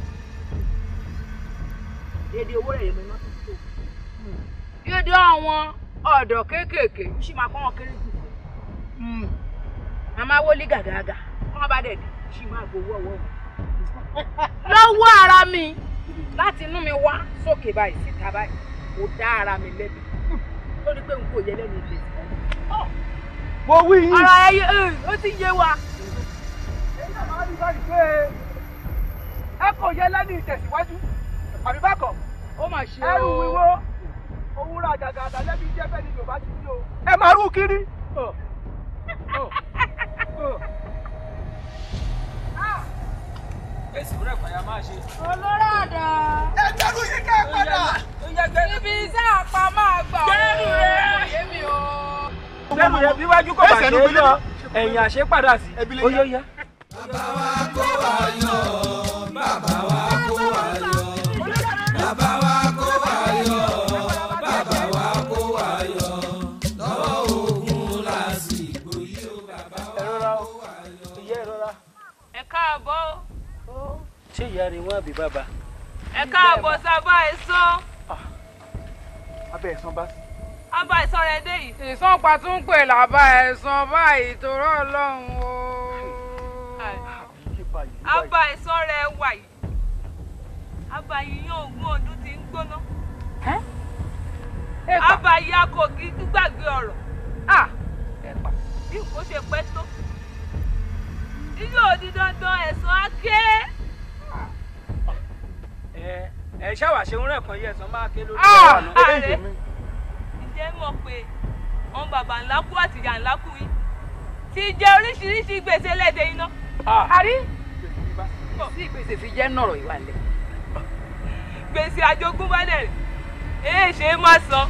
dédé owó rẹ̀ mi náà ti tó dédé àwọn ọ̀dọ́ kéékèèké ṣì máa kọ́ wọn kéré jù màmá hmm. wọlé gàgàgà kọ́ wọn bá dẹ̀ dé ṣì máa gbowó ọwọ́ wọn [LAUGHS] lọ́wọ́ ara mi láti inú mi wá sókè báyìí síta báyìí kò dá ara mi lẹ́bi lórí hmm, pé n kò yẹ lẹ́nu ilé. Oh, mo wí yín. ara ẹ eh, ó ti yé wa. èyí náà máa ń bá rí pé ẹ kò yẹ lẹ́nu ìtẹ̀síwájú àbí bákan. ó mà ṣe o. ẹrù wíwó òwúrọ̀ àjàgà àtàlẹ́bí jẹ́ bẹ́ẹ̀ ni yorùbá ti ní o. ẹ máa rú kiri. Oh. Oh. olórí àdá. ẹ gbẹ́rù yìí kẹ́ ẹ padà. ibi iṣẹ́ àpá máa gbà ọ́. gbẹ́rù rẹ̀. gbẹ́rù rẹ̀ bíwájú kò bá ṣe é lọ ẹ̀yìn àṣepàdà sí ó yọ ya. bàbá wa kó wa yọ bàbá wa kó wa yọ bàbá wa. ìyá rẹ̀ wọ́n àbí bàbá. ẹ káàbọ̀ sábà ẹ̀sán. Ah, abẹ́ ẹ̀sán bá sí. abá ẹ̀sán rẹ̀ dé yìí. ìsánpa tún ń pè lábá ẹ̀sán báyìí torọ́ ọlọ́run o. abá ẹ̀sán rẹ̀ wà yìí. abá yìí yan ogún ọdún ti ń gbóná. abá yìí a kò kí gbàgbé ọ̀rọ̀. bí nǹkan ṣe pẹ́ tó. inú òdi dandan ẹ̀sán á ké ẹ ṣáwà ṣe ń rẹ̀kan yẹ ẹ̀sán máa ké lórí ah, ọ̀rọ̀ àná. ààrẹ ah, ǹjẹ́ mọ̀ pé ọ̀n bàbá ńlá kú àti ìyá ńlá kú yín ti jẹ oríṣiríṣi gbèsè lẹ́dẹ̀ iná. Ah. àrí sí gbèsè fi jẹ́ nọ̀rọ̀ ìwà lẹ̀. gbèsè àjogúnbá dẹ̀ rẹ̀ èé ṣe é má sọ.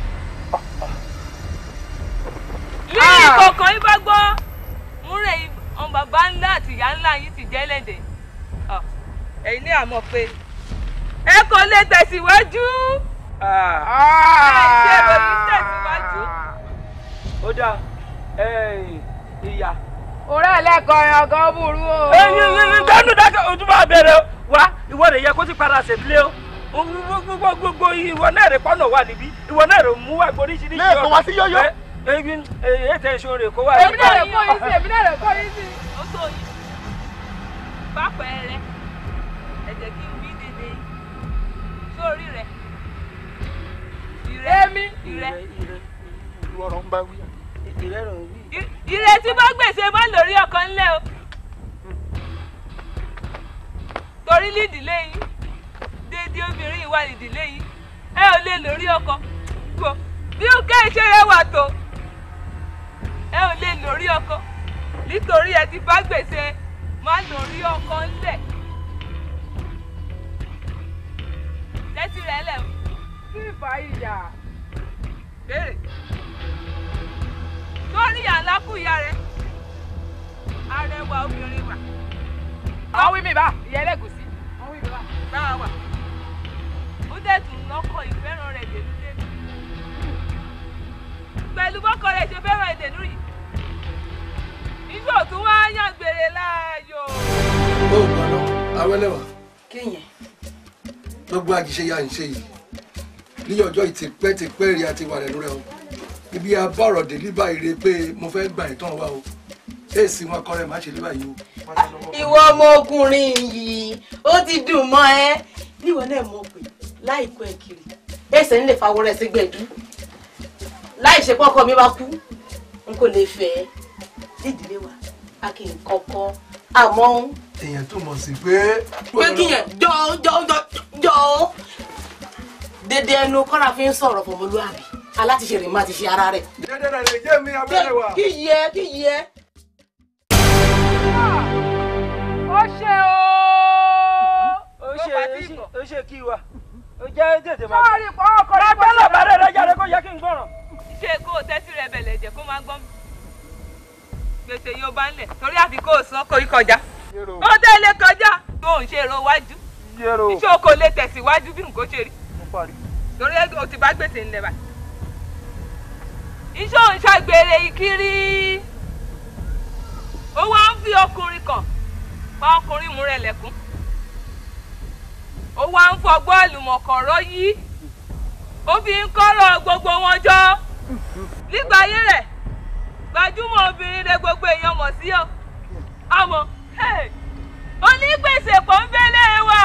ní ìkọ̀kọ̀ yín bá gbọ́ múrẹ̀ ọ̀n bàbá ńlá àti ìyá ńlá yín ti jẹ́ lẹ́dẹ̀. ẹ̀yin ní àmọ́ pé ẹ kò lè tẹ̀síwájú ẹ ṣe lórí tẹ̀síwájú. ó dà ìyá. òré ẹlẹ́kọ̀ọ́ ẹ̀yàn kan burú o. ẹyin gbẹ́nu dákẹ́ ojú bá bẹ̀rẹ̀ wá ìwọ rẹ̀ yẹ kó ti padà ṣèbílẹ̀ o gbogbo gbogbo ìwọ náà rẹ̀ pọ́nà wà níbí ìwọ náà rẹ̀ mú wà gboríṣiríṣi ọ̀rọ̀. lẹ́ẹ̀kan wá sí yọ́yọ́ ebi ete iso re ko wa. èmi náà lè kó yín sí èmi náà lè kó yín sí. ó tó yìí bá pẹ́ rẹ̀. sí orí rẹ. Ìrẹ́ mi. Ìrẹ́ ìrẹ́ ìlú ọ̀rọ̀ ń bá wí. Ìrẹ́ rẹ̀ wí. Ìrẹ́ tí bá gbèsè mọ́ lórí ọkàn ńlẹ̀ o. Torí lídìílé yìí, déédéé obìnrin ìwà lídìílé yìí, ẹ ò lè lórí ọkọ. Gbò bí ó ké ṣe rẹwà tó, ẹ ò lè lórí ọkọ. Nítorí ẹ ti bá gbèsè mọ́ lórí ọkàn ńlẹ̀. tẹ́tí rẹ̀ lẹ̀. kí ìfàyíjà. béèrè. tó ní ìyá ńlá kú ìyá rẹ̀. arẹwà obìnrin wà. àwọn wí mi bá ìyá ẹlẹ́gùsí. àwọn wí mi bá. bá a wà. ó dẹ̀ tún lọ́kọ̀ ìfẹ́ràn rẹ̀ dènú dènú. pẹ̀lú bọ́kọ rẹ̀ ṣe fẹ́ràn ìdènú yìí. ìjọ tún wá yàn gbèrè láàyò. ó gbọ́dọ̀ awẹ́lẹ́wà. kéèyàn gbogbo àṣìṣe yà ń ṣe yìí ní ọjọ́ ìtìpẹ́ ti pẹ́ rí àti wà lẹ́nu rẹ o ibi abọ́rọ̀ délé báyìí rè pé mo fẹ́ gbà ìtàn wa o èsì wọn kọ́ rẹ má ṣe lébà yìí o. ìwọ ọmọkùnrin yìí ó ti dùn mọ́ ẹ níwọ náà mọ̀ pé láìpẹ́ kiri ẹsẹ̀ ń lè fawọ́ rẹ̀ sí gbẹ̀dú láì ṣe pọ́kọ mi wá kú n kò lè fẹ́ nídìílé wa a kì í kọ́kọ́ àmọ́. èèyàn tó mọ̀ sí pé. pé kíyàn dédé ẹnu kọ́ra fi ń sọ̀rọ̀ fọmọlúwàbí alátiṣe rè má ti ṣe ara rẹ̀. dédé rẹ̀ lè jẹ́ mi abẹ́rẹ́ wa. kí yẹ kí yẹ. Ah, ó ṣe o ó ṣe ó ṣe kí wa ó jẹ́ tètè máa. sọ́ọ́rì pọ̀ ọkọ̀ rẹ̀ pẹ̀lú ọ̀bàdàn lọ́jà rẹ̀ kó yẹ kí n gbọ́ràn. ṣé kó o tẹ́tí rẹ bẹ̀lẹ̀ jẹ́ kó máa gbọ́n gbèsè yóò bá ń lẹ̀ torí àfi kó o sàn kó yí kọjá. ó tẹ́lẹ̀ kọjá tó ń ṣe èrò wájú. iṣẹ́ o lè tẹ̀síwájú bí nǹkan ṣe rí. torí o ti bá gbèsè ńlẹ̀ bá. iṣẹ́ òun ṣàgbére ìkiri fi ọkùnrin kan pa ọkùnrin mú rẹ̀ lẹ́kún ó wá ń fọgbọ́ àlùmọ̀kànrọ́ yìí ó fi ń kọ́rọ̀ gbogbo wọn jọ nígbà ayé rẹ̀ gbajúmọ̀ obìnrin rẹ̀ gbogbo èèyàn mọ̀ sí ọ àmọ́ onígbèsè pọ̀ ń bẹ́lẹ̀ wà.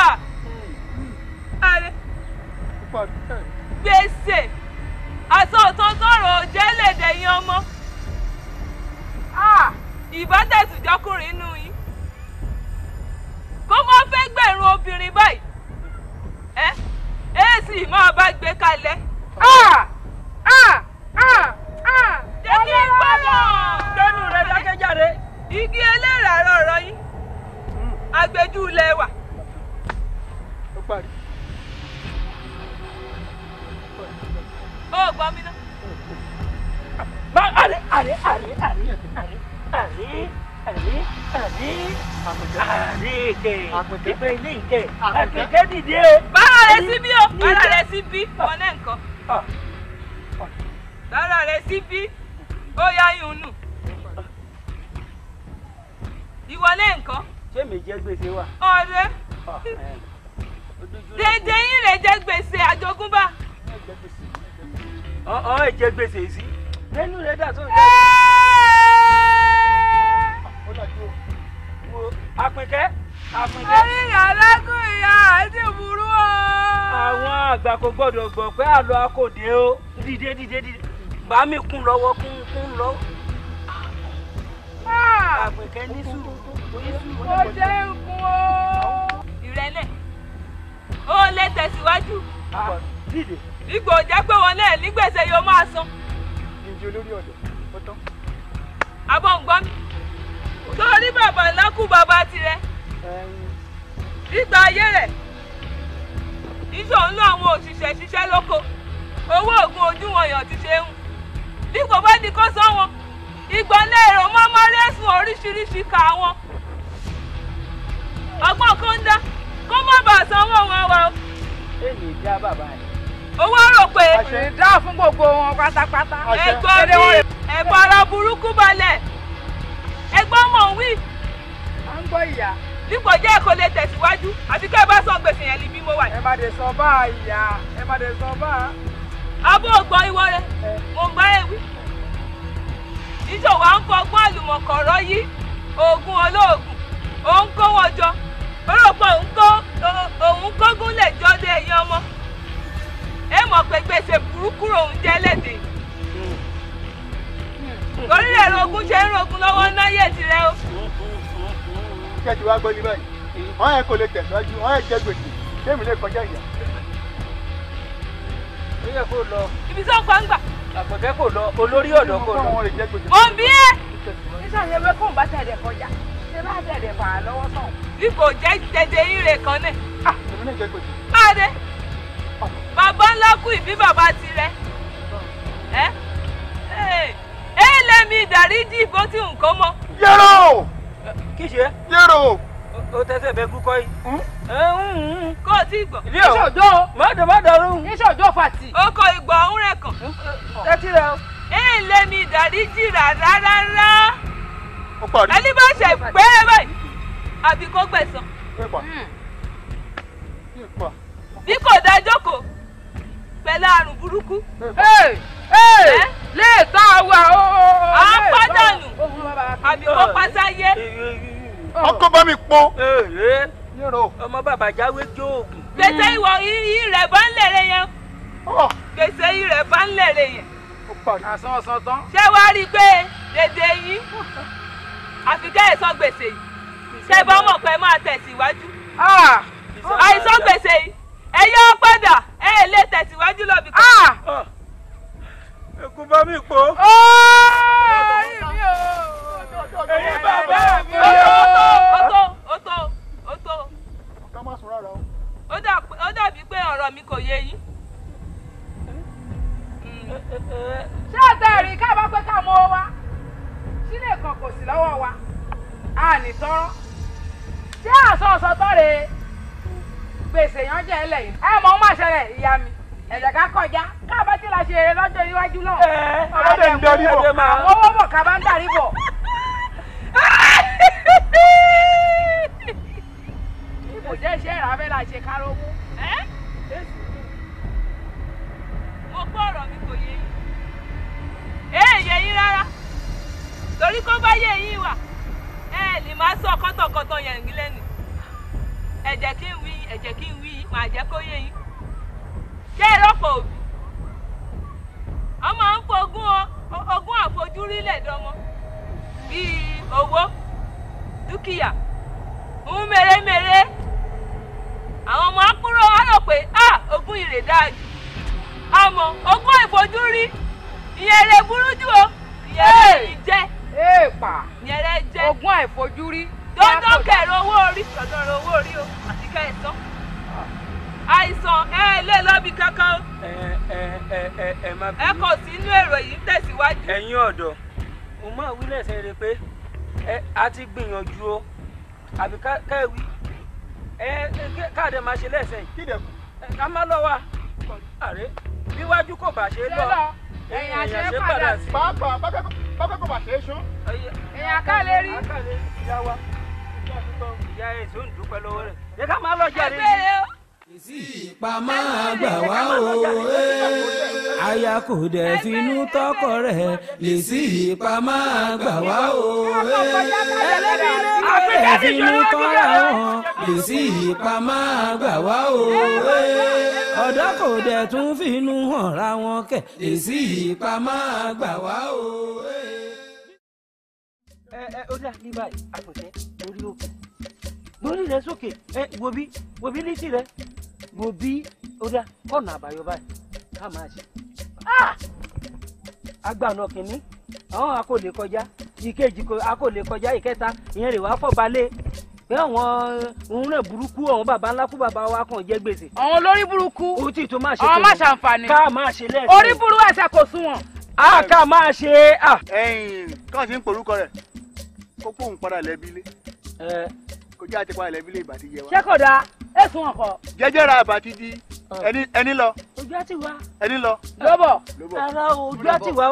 pàdé. gbèsè àsọ̀tàn sọ̀rọ̀ jẹ́ lèdè yín ọmọ ìbátẹ̀sùjọkùnrin inú yín kó mọ́ fẹ́ gbẹ̀rún obìnrin báyìí ẹ ẹ sì máa bá gbé kalẹ̀. jẹ́ kí n gbọ́dọ̀. tẹnu rẹ dákẹ́jáde. igi eléèrà rọ̀rọ̀ yín agbẹjú ilé wa. ó parí. ó gbọ́ mi náà. àrí àrí àrí àrí àrí àrí àrí àrí àrí ìkẹ ìpè ilé ìkẹ àpèké dìde o. bára rẹ sí bí o bára rẹ sí bí ọ̀nẹ́ nǹkan ah. bára rẹ sí bí ó yá yún nù ìwọlé nǹkan. ṣé mi jẹ gbèsè wa. ọ̀rẹ́ ah, eh. dédé yín rẹ̀ jẹ́ gbèsè àjogúnbá ọ̀ ẹ̀ jẹ gbèsè sí lẹ́nu rẹ̀ dà sóun jẹ́ àpínkẹ́ àpínkẹ́. oríyìn alágùn ìyá àti burú o. àwọn àgbà kò gbọdọ̀ gbọ́ pé àlọ́ akòdé o dìde dìde dìde bá mi kún lọ́wọ́ kún kún lọ. Ah! àpínkẹ́ ní sùúrù ó jẹ́ ikú o. ìrẹ̀lẹ̀ ó lè tẹ̀síwájú. dìde. Igbo, jẹ́ pé wọn náà nígbèsè yóò máa san. ìdí olórí ọ̀dọ́ ó tán. àbọ̀ ń gbọ́ mi torí bàbá ńlá kú bàbá tirẹ̀ nígbà ayé rẹ̀ iṣẹ́ òun lọ àwọn òṣìṣẹ́ ṣiṣẹ́ lóko owó oògùn ojú wọn yàn ti ṣe ń dípò bá ní kó sọ wọn ìgbọ́nlé èrò mọ́mọ́ rẹ́sùn oríṣiríṣi kà wọn ọgbọ́n kan ń dá kó má bàa sanwó wọn wá o. èmi ìjà bàbá rẹ̀ ó wá rò pé dá fún gbogbo wọn pátápátá ẹgbọ́n mi ẹgbọ́n ara burúkú balẹ̀ ẹgbọ́n mọ̀ wí. à ń gbọ́ ìyá. bí kò jẹ́ kó lè tẹ̀síwájú àti kí ẹ bá sọ gbèsè yẹn níbí mo wà. ẹ má dé sọ bá a ìyá ẹ má dé sọ bá a. abó ògbọ́n ìwọ rẹ mò ń bá ẹ wí. ìṣòwò à ń fọgbọ́n àlùmọ̀kọ̀rọ̀ yìí oògùn olóògùn òun kó wọn jọ ó òun kó òun kógún lè jọ ẹ̀yìn ọmọ ẹ mọ̀ pé gbèsè burúkú òun jẹ́ lédè torí rẹ̀ rogun ṣe ń rogun lọ́wọ́ náyè tirẹ̀ o. kẹ́tì wá gbọ́ ní báyìí wọ́n yẹ kó lè tẹ̀síwájú wọ́n yẹ jẹ́ gbèsè kémi lè kọjá ìyá. ó yẹ kó lọ. ibi tó ń pa ń gbà. àpọ̀tẹ́ kò lọ olórí ọ̀dọ́ kò lọ. mo ń bí ẹ́. nísàlẹ̀ ewé kò ń bá tẹ̀lé kọjá ṣé bá tẹ̀lé fà á lọ́wọ́ tán. bí kò jẹ́ tẹ̀dẹ̀ ire kan náà. ah èmi náà jẹ́ gbèsè. máa dé bàbá ńlá kú ìbí bàbá tirẹ̀ ẹ ẹ lẹ́mi ìdáríjì bó ti nǹkan mọ́. yẹ́rọ. kí ṣe. yẹ́rọ o tẹsẹ̀ bẹ kú kọ́ yìí. Hmm? kó o ti gbọ́. ilé o ìṣòjò mọ́dọ̀ mọ́dọ̀ rún. ìṣòjò fàtì. o kọ ìgbọ̀ ọ̀hún rẹ̀ kàn. tẹ́tí rẹ o. ẹ lè mi ìdáríjì rárá rárá. ó parí. ẹni bá ṣe pé báyìí àbí kó gbẹ̀san. Hmm. bí kò dájókòó pẹ̀lú àrùn burúkú. léètọ́ wa o. à ń pàdánù àbí kó oh. pátáyé. ọkọ bá mi pọn. ọmọ bàbá jáwé jó oògùn. gbèsè ìwọ ìrẹ̀ bá ń lèrè yẹn. Oh. gbèsè ìrẹ̀ bá ń lèrè yẹn. àsan ọ̀sán tán. ṣé wàá rí i pé dèdè yín àfi kẹ́hìn sọ gbèsè yìí ṣé bá mọ̀ pé máa tẹ̀síwájú. Ah. àìsàn gbèsè yìí ẹ yọ padà ẹ lè tẹ̀síwájú lọ bí kan. Ah! Ah! ẹkún bá mi pò. ẹyin bàbá mi. ọtọ ọtọ ọtọ ọtọ. ó dàbí pé ọ̀rọ̀ mi kò yé yín. ṣé àtẹ̀rí ká bá pé ká mọ wa sílẹ̀ kan kò sí lọ́wọ́ wa a nì tọ́rọ́ ṣé àsọ̀ọ̀sọ̀ tọ́re. gbèsè yàn jẹ́ ẹlẹ̀ yìí. ẹ mọ ọmọ ìyá mi ẹ̀jẹ̀ ká kọjá káàbá la ṣe eré iwájú náà. ẹ ẹ ọlọ́dẹ àwọn owó ṣe mo gbọ́ ẹ jẹ́ kí n wí ẹ jẹ́ kí n wí màá jẹ́ kó yé yín ṣé ìrọ́pò òbí ọmọ ń fogún ogún àfojúrí lẹ̀dọ́mọ bíi owó dúkìá ń mèremère àwọn ọmọ akúrò wá rò pé ah ogún ìrè dáa jù àmọ́ ogún àfojúrí ìyẹn rẹ̀ burú jù o ìyẹn rẹ̀ jẹ́ ìyẹn rẹ̀ jẹ́ ogún àfojúrí kẹ̀rọ owó orí sọ̀dọ̀rọ̀ owó orí o àti kẹsàn àìsàn ẹ lè lọ́bi kankan o ẹ kò sí inú èrò yìí ń tẹ̀síwájú. ẹ̀yin ọ̀dọ́ mo máa wí lẹ́sẹ̀ rẹ pé a ti gbìyànjú o àbí kẹ́wì káàdé máa ṣe lẹ́sẹ̀ yìí ká má lọ wa bíwájú kò bá ṣe lọ ẹ̀yìn àṣẹ padà sí. pàápàá bákẹ́kọ̀ọ́ bá ṣe é ṣó. ẹ̀yìn àkàlẹ́ rí. àkàlẹ́ rí ìyá wa ìyá èso ń dúpẹ́ lọ́wọ́ rẹ̀ yẹ ká máa lọ jáde. èsì ìpamọ́ àgbà wá o aya kò dẹ̀ finú tọkọ rẹ̀ èsì ìpamọ́ àgbà wá o ẹ̀ finú tọ́ra wọn èsì ìpamọ́ àgbà wá o ọ̀dọ́ kò dẹ̀ tún finú hàn ra wọn kẹ̀ èsì ìpamọ́ àgbà wá o. ẹ ẹ ó dà ní báyìí àgbẹ̀tẹ̀ orí òkè lórí rẹ sókè ẹ wò bí wò bí létí rẹ wò bí orí ọ̀nà àbáyọ báyìí ká máa ṣe. Ah! agbáàna kìnní àwọn akólè kọjá ìkejì akólè kọjá ìkẹta ìyẹn rè wá fọbalẹ pé àwọn òun náà burúkú àwọn baba ńlá kú baba wa kàn jẹ gbèsè. àwọn olórí burúkú ohun tí ìtò máa ṣe kìnní àwọn máa ṣàǹfààní ká máa ṣe lẹ́sìn. orí burú ẹ̀sẹ̀ kò sunwọ̀n. a ká máa ṣe. ẹyin káwọn ṣe ń pòrúkọ rẹ kó pòun padà lẹbi ilé kò jẹ́ àti palẹ̀ ìbílẹ̀ ìbàdí yẹ wa. ṣé kò dáa èsùn ọkọ. jẹjẹrẹ àbàtì di ah. ẹni lọ. ojú àti wa. ẹni lọ. lọ́bọ̀ ẹ̀rọ ojú àti wa.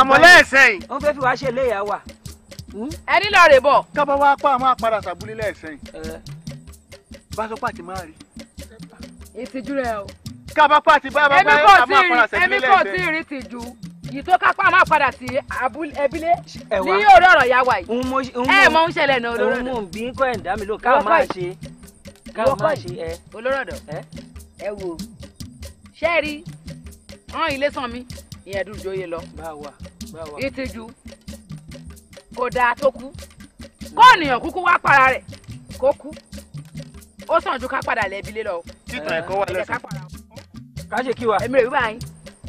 àmọ̀lẹ́ ẹ̀sẹ̀ yìí. wọ́n fẹ́ fi wá ṣe léyà wa. Hmm? ẹni lọ rè bọ̀. kábọ̀ wá pa àwọn apara sàbúlé lẹ́ẹ̀sẹ̀ yìí. Eh. báṣọpọ̀ àti máa rí. ìtìjú rẹ o. kábọ̀ pàtì bá bá bá àwọn apara sàbúlé lẹ́ẹ̀sẹ̀ yìí. èmi kò tí ì rí tìjú ìtò kápá máa padà sí abúlé ní orí ọ̀rọ̀ ya wa yìí ẹ mọ ń ṣẹlẹ̀ náà olóró ọ̀dọ̀. òun mò ń bí kọ́ ẹ̀ ń dá mi lò ká máa ṣe ká máa ṣe ẹ. olóró ọ̀dọ̀ ẹ wo ṣé ẹ rí rán ilé sàn mi ìyẹn dùn jóye lọ ìtìjú kò dáa tó kú kó ènìyàn kúkú wá para rẹ̀ kó kú ó sàn ju ká padà lẹ́bi lé lọ. títàn ẹ̀kọ́ wà lọ́sàn ká ṣe kí wa. èmi rè wíwá yín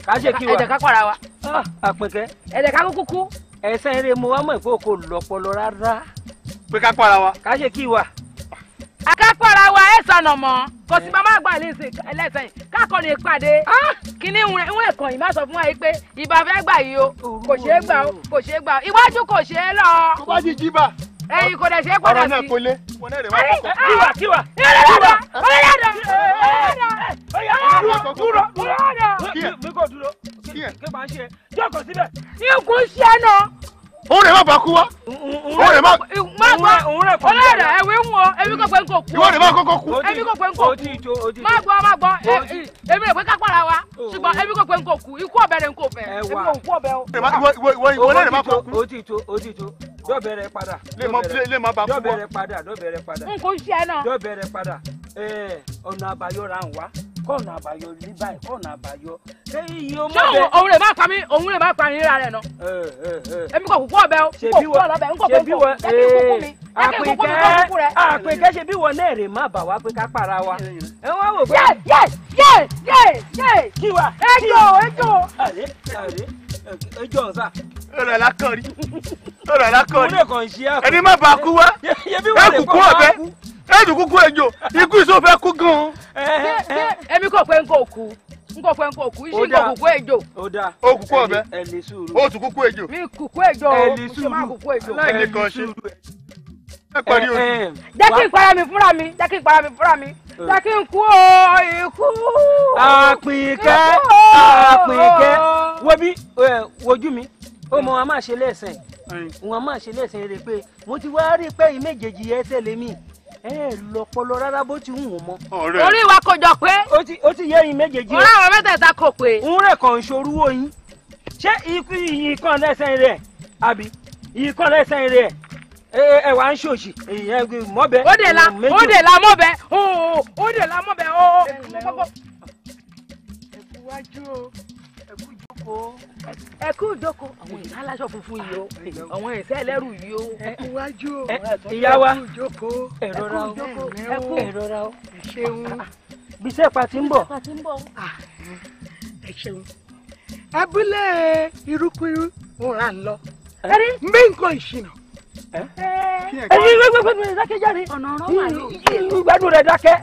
ká ṣe kí wa ẹ̀jẹ̀ ká para wa. Ah, àpẹkẹ. ẹ̀jẹ̀ ká kúkú kú. ẹsẹ̀ eré mo wá mọ̀ pé o kò lọ́pọlọ rárá. pé ká para wa. ká ṣe kí wa. akápọ̀ra wa ẹ̀ sọ̀nà mọ́ kò sí bàbá àgbà lẹ́sẹ̀yìn kákọ̀ọ́lẹ̀ pàdé ah! kíní ìwé kan yìí má sọ fún wa yìí pé ìbá gbà yìí o kò ṣeé gbà o kò ṣeé gbà o iwájú kò ṣeé lọ. tó bá di jíbà ẹyin kò dẹ̀ ṣe é padà sí. ọ̀rọ̀ náà kò lé. kíwà kíwà kíwà ọ̀yàdà ọ̀yàdà dúró ọ̀yàdà mi kò dúró kí máa ṣe jókòó síbẹ̀. ikú ṣe náà. òun rẹ̀ má bàa kú wá. òun rẹ̀ má. má gbọ́ ọlọ́dà ẹ̀wé ń wọ ẹbí kò pé ń kò kú. ìwọ rẹ̀ má kókó kú. ẹbí kò pé ń kò kú. má gbọ́ má gbọ́ èmi rẹ̀ pé ká pàrà wa ṣùgbọ́n ẹbí kò pé ń kò kú ikú ọ̀bẹ rẹ̀ ń kò fẹ́. ẹ̀wà ìwọ rẹ̀ má kó kú. ó ti tó ó ti tó dọ́bẹ̀rẹ̀ padà. lè mọ bílẹ̀ lè má ba fún wa. dọ́bẹ̀rẹ̀ padà dọ́bẹ̀rẹ̀ padà. n kò ṣe náà. dọ́bẹ̀rẹ̀ padà eh, ọ̀nà àbáyọ ra ń wá kọ́ọ̀nà àbáyọ ní báyìí kọ́ọ̀nà àbáyọ. ṣé òun lè má pa mí òun lè má pa yín rárẹ̀ nà. Eh, eh, èmi kò kúkú ọbẹ̀ o kò kúkú ọlọ́bẹ̀ n kò kúkú mi ẹ̀mí kúkú mi kúkú rẹ̀. àpèkẹ́ ṣe bí wọn náà má bà wá pé ká para wa. ẹ wá wò pé. yé yé yé yé kí wa. ejò ejò ojú ọ̀hún sá. ọ̀rọ̀ alákọ̀ọ́rí ọ̀rọ̀ alákọ̀ọ́rí ẹni má bàa kú wá ẹkù kú ọ̀bẹ ẹ̀dùn kúkú ẹjọ ikú ìṣó fẹ́ kú gan. ẹ̀mí kò pé n kò kú n kò pé n kò kú iṣẹ́ n kò kúkú ẹjọ. o kúkú ọ̀bẹ o tún kúkú ẹjọ. mi kúkú ẹjọ o mo ṣe má kúkú ẹjọ. láì kan ṣe jẹ́ kí n para mi fúnra mi jẹ́ kí n para mi fúnra mi jẹ́ kí n kú o ikú. àpìkẹ́ àpìkẹ́ wo bí wojú mi ó mọ wọn máa ṣe lẹ́sẹ̀ wọn máa ṣe lẹ́sẹ̀ rẹ pé mo ti wá rí i pé ìméjèèjì ẹsẹ̀ lèmi ẹ lọpọlọ rárá bó ti hùn mọ. orí wa kò jọ pé. ó ti yé yín méjèèjì. òun àwọn mẹ́tẹ̀ẹ̀ta kò pé. ń rẹ̀ kàn ń ṣorúwó yín ṣé ikú ìyìn kan lẹ́sẹ̀ rẹ̀ àbí ìyìn kan lẹ́sẹ̀ rẹ̀ ẹ wà ń ṣòṣì ìyẹn mọ́bẹ. ó dè la ó dè la mọ́bẹ ó dè la mọ́bẹ ó kọ́kọ́. ẹkú wájú o ẹkú jókòó. ẹkú jókòó àwọn ìyá aláṣọ funfun yìí o àwọn ẹsẹ ẹlẹ́rù yìí o. ẹkú wájú o ìyá wa ẹkú O ẹkú jókòó ẹkú ìrora o. ẹ ṣeun. [LAUGHS] bisẹ́ pati ń bọ̀. Ah, ẹ ṣeun. abúlé irúkúrú ń ràn lọ. ẹ rí. mbẹ́ nǹkan ìṣìnà gbẹ́dùn rẹ̀ dákẹ́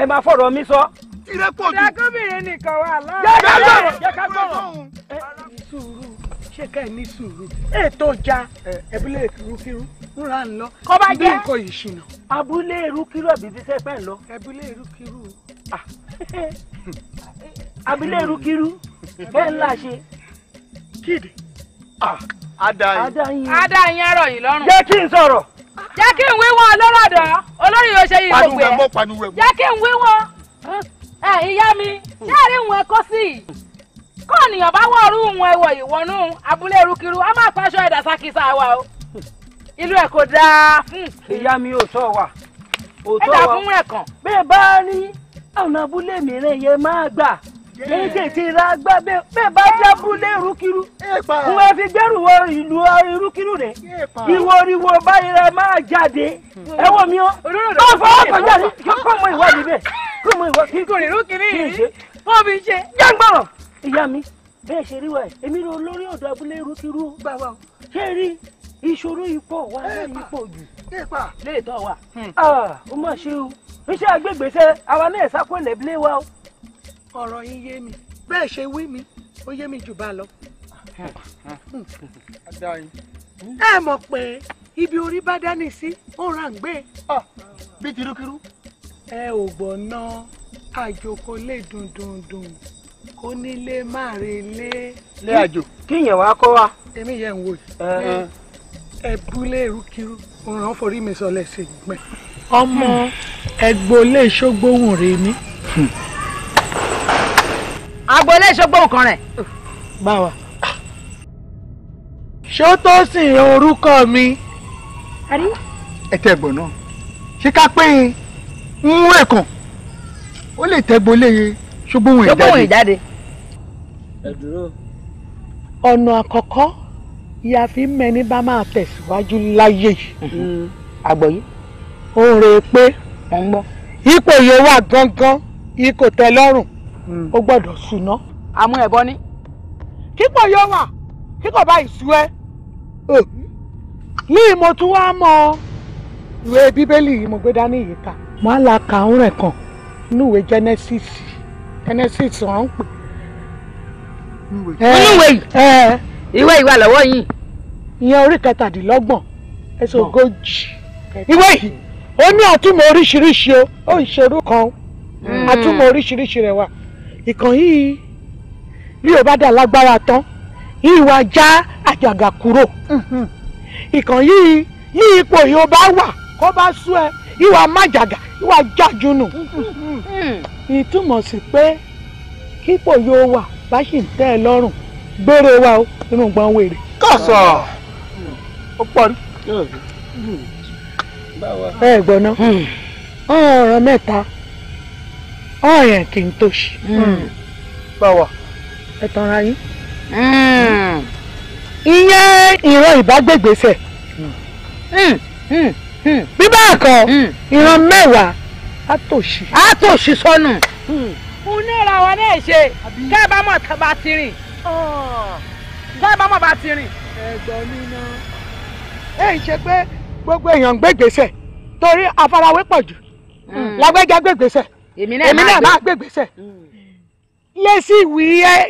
ẹ máa fọ̀rọ̀ mi sọ. tirẹ̀ pọ̀ jù. ìdákọ́bìnrin nìkan wà láàrin. jẹ́ ká gbọ́rọ̀ jẹ́ ká gbọ́rọ̀. ẹ sùúrù ṣé ká ẹ ní sùúrù ètò ìjà ẹbílẹ̀ ìrúkírú múra ń lọ. kọ́ bá jẹ́ nǹkan ìṣìnà. abúlé ìrúkírú ẹ̀bí ti fẹ́ pẹ́ lọ. ẹbílẹ̀ ìrúkírú. abúlé ìrúkírú bẹ́ẹ̀ ńlá ṣe. kíde. Ada. adáyín ẹ̀rọ yìí lọ́rùn. jẹ́ kí n sọ̀rọ̀. jẹ́ kí n wíwọ́ ọlọ́rọ̀dọ̀ olórí yóò ṣe yìí gbogbo ẹ̀. paniwẹ̀ n wíwọ́ ẹ̀ ìyá mi ṣé àrí ìwọ̀n ẹ̀kọ́ sí i kọ́ ọ̀nìyàn bá wọ̀ ọ̀rú ìwọ̀n ẹ̀wọ̀ ìwọ̀nú abúlé erukiru a máa pàṣọ ẹ̀dà sákìsà wa o ìlú ẹ̀ kò dáa fún. Hmm. ìyá mi ò sọ wà ò sọ wà ẹ̀dà fún ẹ̀kàn. bá rí ọ̀nà abúlé mìíràn yẹn máa gbà kéékèèké la gbá bẹ́ẹ̀ bá jábúlé irúkirú fún ẹ fi gbẹ́rù wọ ìlú irúkirú rẹ̀ ìwọ oríwo báyìí rẹ máa jáde ẹ wọ mi ọ ọfọ ọkọ jáde kọ́ mọ ìwọ níbẹ̀ kọ́ mọ ìwọ kíkọ́ rẹ̀ irúkirú yìí wọ́n fi ṣe. jágbọ́rọ̀ ìyá mi bẹ́ẹ̀ ṣe rí wa ẹ̀ èmi ló lórí ọ̀dọ̀ abúlé irúkirú gbà wá ṣé rí ìṣòro ipò wa lẹ́yìn ipò jù léètọ́ wa hmm. ah, ó mà ṣe o iṣẹ́ agbègbèsẹ́ àwa náà ṣàkólẹ̀ bílé ọ̀rọ̀ yín yé mi bẹ́ẹ̀ ṣe wí mi ó yé mi jù bá lọ. ẹ mọ̀ pé ibi orí bá dání sí ó rà ń gbé. bí tirúkirú. ẹ ò gbọ́ ná àjòkó lè dùn dùn dùn kó nílé má relé. lé àjò kí ìyẹn wàá kó wa. èmi yẹn ń wò yìí ẹbúlé ìrúkirú òràn forí mi sọlẹ̀ sí gbẹ. ọmọ ẹgbẹ́ olè ṣógbóhùn rèé ní àgbo eléṣọ gbóhùn kan rẹ̀. báwa ṣé ó tó sìn orúkọ mi. ẹ tẹ̀gbọ́n náà ṣé ká pé ń mú ẹ̀kàn ó lè tẹ́gbọ́n léye ṣùgbọ́n òun ìjáde. ṣùgbọ́n òun ìjáde. ọ̀nà àkọ́kọ́ ìyá fi mẹ́ni bá máa tẹ̀síwájú láyé yìí. Mm-hmm. àgbọ̀yé. ó rè é pé ipò yóò wà gangan ikò tẹ́ lọ́rùn ó gbọ́dọ̀ súná. àmú ẹ̀bọ ni kíkọ̀ yóò wà kíkọ̀ bá ìsú ẹ ní mo tún wá mọ ìwé bíbélì yìí mo gbé dání yìí kà máa la kà ń rẹ̀ kàn nínú ìwé Genesis Genesis wọn ń pè. oníwèé yìí ìwé ìwà lọ́wọ́ yìí. ìyẹn orí kẹtàdínlọ́gbọ̀n ẹsẹ̀ ogójì ìwé yìí ó ní àtúmọ̀ oríṣiríṣi ó ń ṣerú kan hmm. àtúmọ̀ oríṣiríṣi rẹ̀ wà ìkàn yìí bí ò bá dà lágbára tán ìwà já àjàgà kúrò mhm. ìkàn yìí ní ipò yìí ó bá wà kó bá sú ẹ ìwà májàgà ìwà jájúnù mhm. ìtumọ̀ sí pé kípò yóò wà bá sì ń tẹ́ ẹ lọ́rùn gbére wa o inú gbọ́n wèrè. kọ̀sọ̀ ó pọ̀rí. Mhm. ẹ gbọ́ná ọ̀ràn mẹ́ta ọ̀rẹ́ kì í tòṣì. báwa. ẹ tanra yín. ìyẹn mm. ìran ìbágbègbèsẹ̀ mm. mm. bí báà kọ́ ìran mẹ́wàá á tòṣì. á tòṣì sọnù. oníra wa náà ṣe kẹ́ ẹ bá mọ̀ tá a bá ti rìn ah. kẹ́ ẹ bá mọ̀ bá ti rìn. ẹ̀gbọ́n mi náà. ẹ̀ ń ṣe pé gbogbo èèyàn ń gbé gbèsè torí àfarawé pọ̀ jù lágbẹ́jà gbé èmi náà máa gbé gbèsè hmm. yé sí ìwì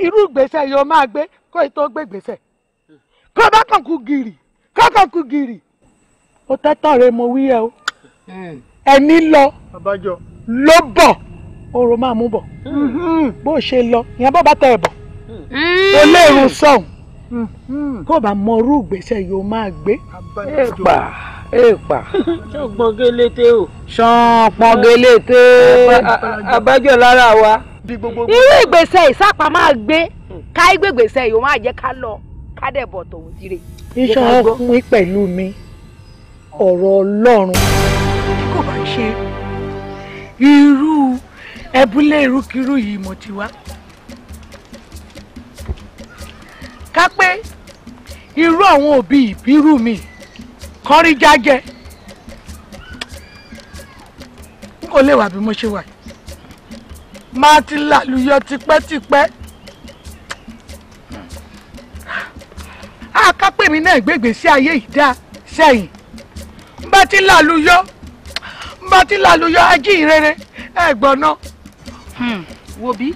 irú gbèsè yóò máa gbé kó o tó gbé gbèsè hmm. kó o bá kàn kú gìrì kó o kàn kú gìrì o tẹ́tọ̀ rẹ mo wí ẹ o hmm. ẹni lọ ló bọ̀ oòrùn máa mú bọ̀ bó ṣe lọ ìyẹn bọ́ bá tẹ̀ ẹ̀ bọ̀ o sọ̀hún kó bá mọ irú gbèsè yóò máa gbé èèpà. ṣọ̀gbọ́n gélété o. ṣọ̀pọ̀n gélété. àbájọ lára wa. irú ìgbésẹ̀ ìsápá máa gbé ká ìgbègbèsẹ̀ yìí ó máa jẹ́ ká lọ ká dẹ̀ bọ̀ tòun dire. iṣan ọkùnrin pẹ̀lú mi ọ̀rọ̀ ọlọ́run tí kò bá ṣe irú ẹbúlé irúkirú yìí mo ti wá. ká pé irú àwọn òbí ìbírú mi kọrí jájẹ ó lè wà bí mo ṣe wà máa ti lálùyọ tipẹ́tipẹ́ àkápẹ́ mi náà gbègbè sí ayé ìdá sẹ́yìn bá ti lálùyọ bá ti lálùyọ ajíhìnrere ẹ̀gbọ́n náà. Hmm, wo bí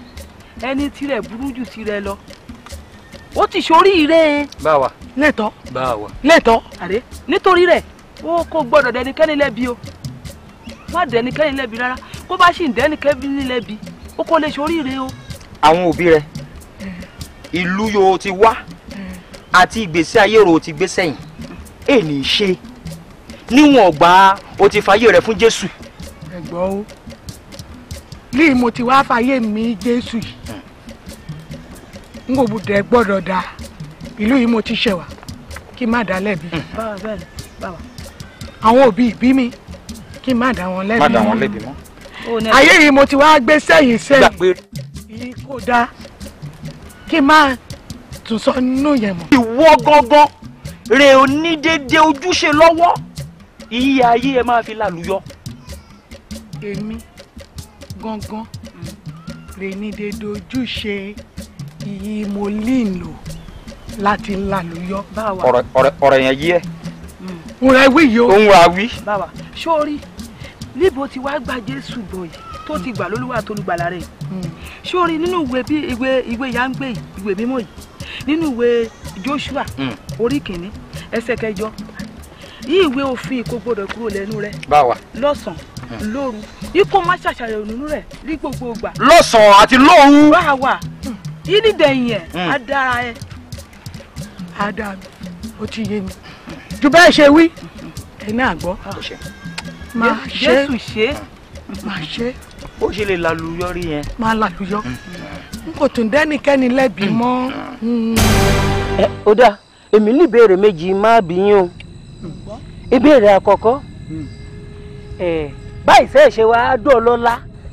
ẹni tirẹ̀ burú jù tirẹ̀ lọ ó ti ṣoríire. báwa lẹ́tọ́ lẹ́tọ́ àrẹ nítorí rẹ̀ ó kò gbọ́dọ̀ dẹnikẹ́ni lẹ́bi o má dẹnikẹ́ni lẹ́bi rárá kó bá sì ń dẹnikẹ́ni lẹ́bi ó kò lè ṣoríire o. àwọn òbí rẹ ìlú yòó ti wá àti ìgbésí ayé rò ti gbé sẹ́yìn èèní ṣe níwọ̀n ọgbà o ti fàyè rẹ fún Jésù. ẹ̀gbọ́n o lẹ́yìn mo ti wá fàyè mi Jésù yìí n kò gbọ́dọ̀ gbọ́dọ̀ dáa ìlú yìí mo ti ṣẹ̀wà kí n má dá lẹ́bi. Hmm. àwọn òbí ìbí mi kí n má dá wọn lẹ́bi. má dá wọn lẹ́bi mọ́. ayé yìí mo ti wá gbé sẹ́yìn sẹ́yìn yìí kò dáa kí n má tún sọ nínú yẹn mọ́. ìwọ gangan rè ó ní déédéé ojúṣe lọ́wọ́ iye ayé ẹ máa fi lálùyọ. èmi gangan hmm. rè ní déédéé ojúṣe iyì mo lè lò láti ńlá ló yọ. ọ̀rọ̀ yẹn yí ẹ. ń ra ewé yìí o. ó ń ra wí. bàbá sórí níbo ti wá gba jésù bọ̀ yìí tó ti gbà lólúwa tó lùgbàlà rẹ̀ mm. sórí nínú ìwé bí ìwé ìwé yangbe ìwé mímọ́ yìí nínú ìwé joshua mm. orí kìíní ẹsẹ̀ kẹjọ yí ìwé òfin kò gbọdọ̀ kúrò lẹ́nu rẹ. báwa lọ́sàn-án mm. lóru ikú má ṣàṣàyàn nínú rẹ̀ ní gbogbo ìgbà. lọ́sàn-án àti lóru. báwa yí nídẹ̀yìn ẹ̀ á dára ẹ ada ó ti bẹ́ẹ̀ ṣe wí ẹ̀ náà gbọ́ ah, máa ṣe jésù ṣe máa ṣe. ó ṣe lè lálùyọ rí yẹn. máa lálùyọ n kò tún dẹ́nikẹ́ni lẹ́bi mọ́. ẹ ó èmi ní ìbéèrè méjì má bí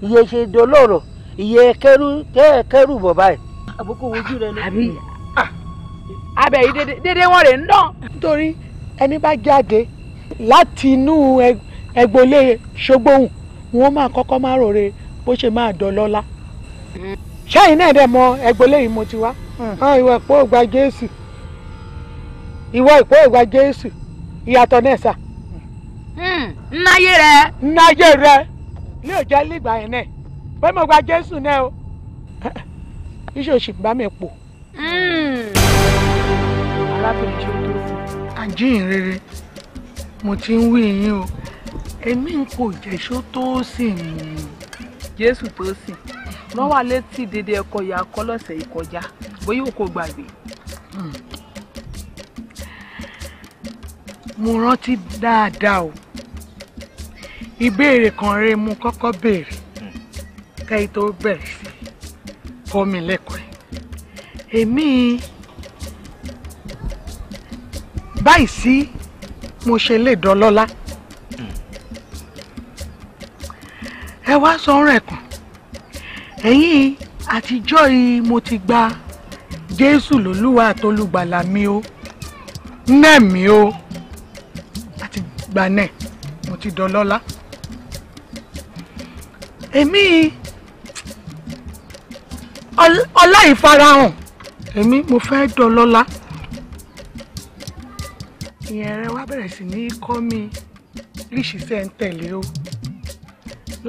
iye ṣe dọ́lọ́rọ̀ iye kẹ́rù bọ̀ báyìí. àbúkù rẹ abẹ yìí dédé wọn rè ń dán. nítorí ẹni bá jáde láti inú ẹgbọ́lé ṣogbóhùn wọn máa kọ́kọ́ máa rọ̀rẹ́ bó ṣe máa dọ̀lọ́lá. ṣẹ́yìn náà dẹ̀ mọ ẹgbọ́lé yìí mo ti wá. Hmm. ìwọ ìpó ìgbà jésù ìwọ ìpó ìgbà jésù ìyàtọ̀ náà sà. nnáyé hmm, rẹ. nnáyé rẹ ní òjá lígbà yẹn náà bẹ́ẹ̀ mo gba jésù náà o iṣẹ́ òṣì bá mi pọ̀. Mm arábìnrin ṣòdòdì. àjíǹrere mo ti ń wí yín o èmi ń kò jẹ́ ṣótóòsì jésù tó sìn wọ́n wà létí dédé ẹ̀kọ́ ìyá akọ́lọ́sẹ̀ ìkọjá bóyá o kò gbàgbé. Hmm. mo rántí dáadáa o ìbéèrè kan rèé mo kọ́kọ́ béèrè hmm. kẹ́yìn tó bẹ̀rẹ̀ sí kọ́ mi lẹ́kọ̀ọ́ èmi báyìí sí mo ṣe lè dọlọ́lá ẹ wá sọ̀rọ̀ ẹ̀kàn ẹ̀yìn àtijọ́ yìí mo ti gba Jésù lólúwa àtolùgbàlà mi o nẹ́ẹ̀mí o àti gbanẹ̀ mo ti dọlọ́lá èmi ọlá ìfarahàn èmi mo fẹ́ dọlọ́lá ìyẹn rẹ wá bẹ̀rẹ̀ sí ní kọ́ mi ríṣiṣẹ́ ń tẹ̀lé o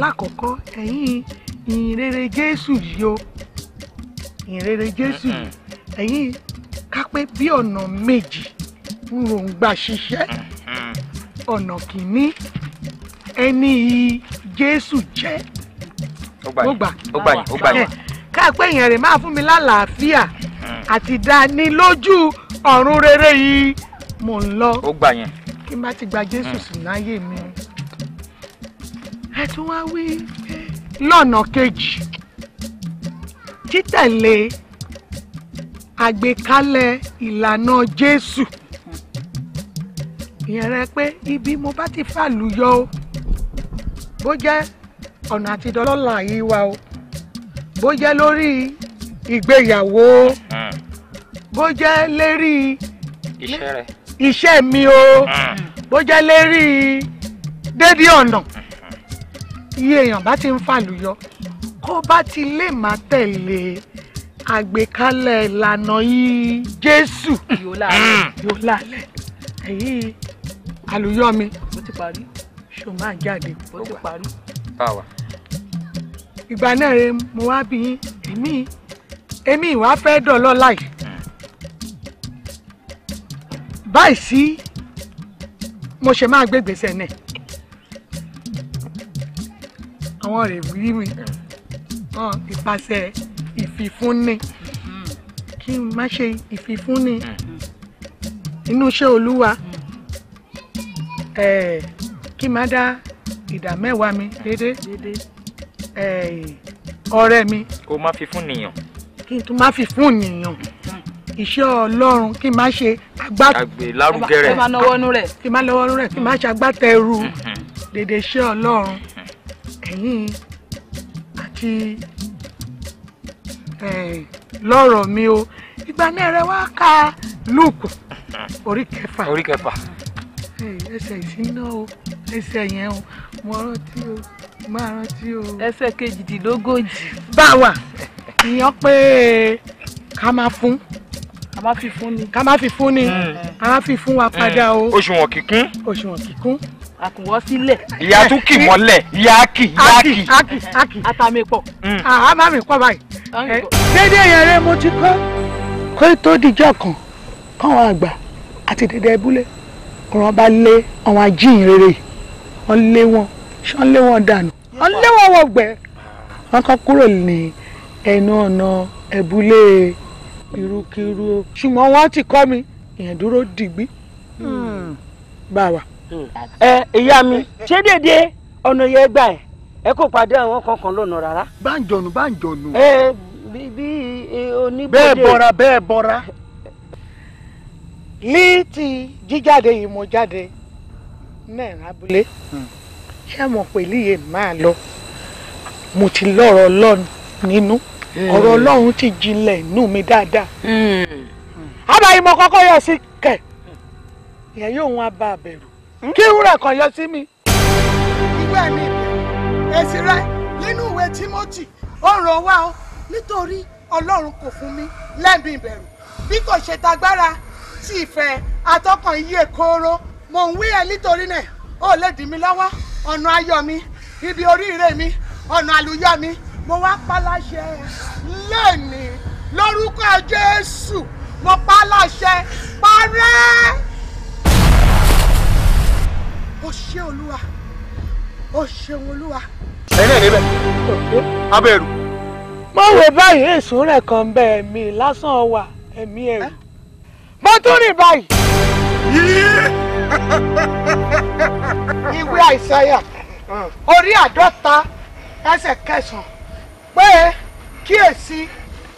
lákọ̀ọ́kọ́ ẹ̀yin ìyìn Jésù yìí o ìyìn Jésù yìí mm-hmm. kápẹ́ bí ọ̀nà méjì ń ròǹgbà ṣiṣẹ́ mm-hmm. ọ̀nà kìíní ẹni yìí Jésù jẹ́ ó gbà ó gbà yín ó gbà máa fún mi lálàáfíà mm-hmm. àti dánilójú ọ̀run rere yìí mo ń lọ ó gbà yẹn kí n bá ti gba jésù mm. sí náyé mi ẹ tún wá wí lọ́nà kejì títẹ̀lé àgbékalẹ̀ ìlànà jésù ìyẹn rẹ pé ibi mo bá ti fàlùyọ o bó jẹ́ ọ̀nà àtidọ́lọ́là yìí wa o bó jẹ́ lórí ìgbéyàwó mm. bó jẹ́ lérí iṣẹ́ rẹ̀ iṣẹ́ mi o bó jẹ́ lérí dédé ọ̀nà iye èèyàn bá ti ń fàlùyọ kó bá ti lè máa tẹ̀lé àgbékalẹ̀ ìlànà yìí Jésù yóò lálẹ́ èyí mm. àlùyọ mi ó ti parí ṣò máa jáde ó ti parí. ìgbà náà mo wá bí èmi èmi ìwà fẹ́ dọ̀lọ́ láì báyìí sí mo ṣe máa gbé gbèsè náà àwọn rẹ̀ rí mi hàn ìpasẹ̀ ìfìfúnni kí n má ṣe ìfìfúnni inú iṣẹ́ olúwa eh, kí n má dá ìdá mẹ́wàá mi dédé eh, ọrẹ mi. kó má fi fún nìyàn. kí n tún má fi fún nìyàn iṣẹ́ ọlọ́run kí n má ṣe agbátẹrù rẹ̀ kí n má lọ́wọ́nú rẹ̀ kí n má ṣe agbátẹrù mm-hmm. dèdè iṣẹ́ ọlọ́run ẹ̀yìn àti lọ́rọ̀ mi o ìgbà náà rẹ wá ka lùkù orí kẹfà orí kẹfà ẹsẹ̀ ìsíná o ẹsẹ̀ yẹn o mo rántí o máa rántí o. ẹsẹ̀ kejìdínlógójì. báwa ìyàn pé ká máa fún má fi fún ni. ká má fi fún ni ká hmm. má fi fún wa padà hmm. o. òṣùwọ̀n kíkún. òṣùwọ̀n kíkún. àkùnwọ́ sílẹ̀. ìyá tún kì mọ́lẹ̀ ìyá kì ìyá kì. ákì ákì àtàmì pọ̀. àá hmm. má mi pọ̀ báyìí. dédé yẹn rẹ mo ti kọ́ kó tó dijọ́ kan káwọn àgbà àti dédé abúlé ọ̀rọ̀ bá lé àwọn ajíhìnrere wọ́n lé wọn ṣán lé wọn dànù wọ́n lé wọn wọ̀gbẹ́ wọ́n kọ́ kúrò ní ẹnu ọ̀nà ẹ̀búlé irúkirú o ṣùgbọ́n wọ́n ti kọ́ mi ìyẹn dúró dìgbí bàbá. Hmm. Hmm. ẹ ìyá mi ṣé dédé ọ̀nà yẹn gbà ẹ̀ ẹ kò pàdé àwọn kankan lónà rárá. báńjọ̀nù báńjọ̀nù. ẹ bí e, oníbòde. bẹ́ẹ̀ bọ́ra bẹ́ẹ̀ bọ́ra. ní ti jíjáde yìí mo jáde mẹ́rin abúlé hmm. ṣé mo pè líye máa lọ mo ti lọ́rọ̀ ọlọ́run nínú. Mm. ọ̀rọ̀ ọlọ́run ti jinlẹ̀ inú mi dáadáa mm. abayi mo kọ́kọ́ yọ sí kẹ̀ ìyẹn yóò wọn bá a kí wúrà kan yọ sí mi. ìwé mi èsì rẹ nínú ìwé Timothy ó ràn wá ọ nítorí ọlọ́run kò fún mi lẹ́bi ìbẹ̀rù bí kò ṣe tagbára tí ìfẹ́ atọ́kàn iye kóró mò ń wí ẹ nítorí náà ó lè dì mí lọ́wọ́ ọ̀nà ayọ̀ mi ibi oríire mi ọ̀nà àlùyọ mi mo wá paláṣẹ lẹ́ẹ̀ni lórúkọ Jésù mo paláṣẹ parẹ́. o ṣé olúwa o ṣeun olúwa. ẹ̀yin níbẹ̀ abẹ́rù. mo wò báyìí èso rẹ̀ kan bẹ ẹ̀mí lásán wà ẹ̀mí ẹ̀rù mo tún rìn báyìí. [LAUGHS] ìwé àìsàyà orí àádọ́ta ẹsẹ̀ kẹsàn-án. pé kíyèsí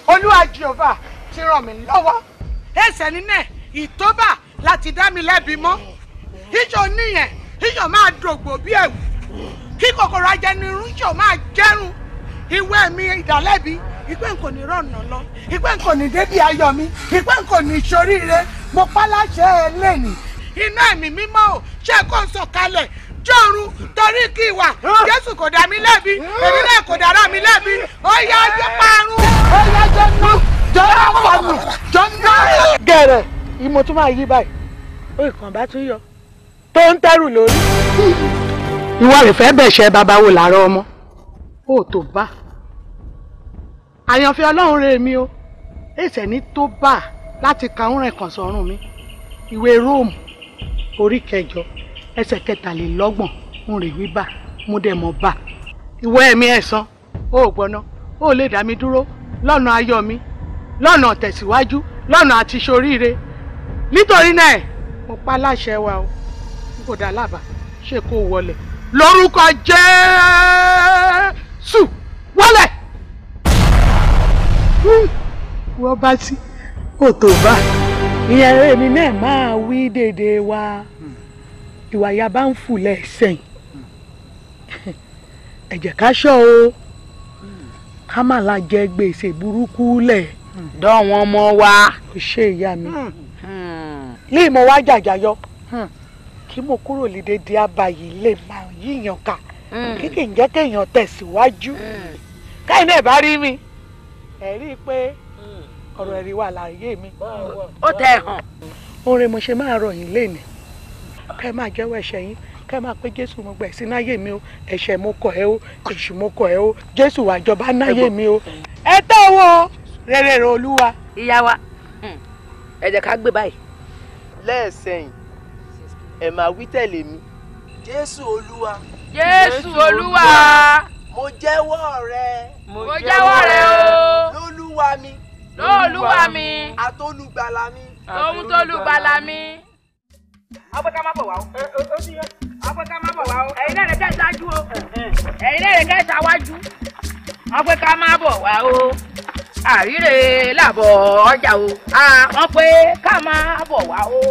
olúwa jehova ti ràn mí lọ́wọ́ ẹsẹ̀ nílẹ̀ itoba láti dá mi lẹ́bi mọ́ ìjọ iso ìjọ máa dògbò bí ẹ̀wù kí kòkòrò ajẹnirú ìjọ máa jẹ́rùn ìwé mi ìdálẹ́bi ìpè nkò ní rọ̀nà lọ ìpè nkò ní débi ayọ̀ mi ìpè nkò ní ìsoríire mo pa láṣẹ ẹlẹ́ni iná ẹ̀mí mímọ́ ò ṣe kó jọ̀run torí kí ìwà jésù kò dá mi lẹ́bi èmi náà kò dára mi lẹ́bi ó yá jẹ́ parun ó yá jẹ́ nú jọ̀rọ̀ àpàlù jọ̀nà. gẹ̀rẹ̀ ìmọ̀ tó máa yí báyìí ó ìkànnbá tún yọ tó ń tẹ́rù lórí. ìwọ rẹ̀ fẹ́ bẹ̀ṣẹ̀ babawo làárọ̀ ọmọ ó tó bá àyànfẹ́ ọlọ́run rẹ̀ mi o èsẹ̀ ní tó bá láti kàún rẹ̀ kàn sọ́run mi ìwé róòmù orí kẹjọ ẹsẹ̀ kẹtàlélọ́gbọ̀n ń rè wí bà mú dẹ̀ mọ́ bà ìwọ ẹ̀mí ẹ̀san ó gbọ́ná ó lè dá mi dúró lọ́nà ayọ̀ mi lọ́nà tẹ̀síwájú lọ́nà àti ṣoríire nítorí náà mo pa láṣẹ wa o n kò dá lábàá ṣe kó wọlé lórúkọ Jésù wọlé. wọ́n bá sí òtò bá ìyẹn èmi náà máa wí dédé wa ìwà ìyá bá ń fù lẹ́sẹ̀yìn ẹ jẹ́ ká ṣọ́ o ká má la jẹ gbèsè burúkú lẹ̀. dọ́wọ́n mọ́ wa. kò ṣe ìyá mi ní hmm. ìmọ̀ wá jàjà yọ kí mo kúrò lédè di abayì lè máa yíyan ká hmm. kí kì í jẹ́ kéèyàn tẹ̀síwájú hmm. káyìn náà bá rí mi ẹ̀ rí i pé ọ̀rọ̀ ẹ̀rí wà láàyè mi ó tẹ̀ hàn. orin mo ṣe máa rọ̀ yín lénìí kẹ́ ẹ máa jẹ́wọ́ ẹ̀ṣẹ̀ yín kẹ́ ẹ máa pé jésù mo gbẹ̀ sí náyé mi o ẹ̀ṣẹ̀ mo kọ̀ ẹ́ o èṣù mo kọ̀ ẹ́ o jésù wá jọba náyé mi o. ẹ tẹ́wọ́ rere rẹ olúwa. ìyá wa ẹ jẹ́ ká gbé báyìí. lẹ́ẹ̀sẹ̀yìn ẹ máa wí tẹ̀lé mi jésù olúwa. jésù olúwa. mo jẹ́wọ́ rẹ. mo jẹ́wọ́ rẹ o. lólúwa mi. lólúwa mi. àtolùgbàlà mi. ohun tólùgbàlà mi ọgbẹ́ ká má bọ̀ wá o. ọgbẹ́ ká má bọ̀ wá o. ẹ̀yin náà lè kẹ́ ṣáájú o. ẹ̀yin náà lè kẹ́ ṣáwájú. ọgbẹ́ ká má bọ̀ wá o. àríre làbọ̀ ọjà o. àwọn pé ká má bọ̀ wá o.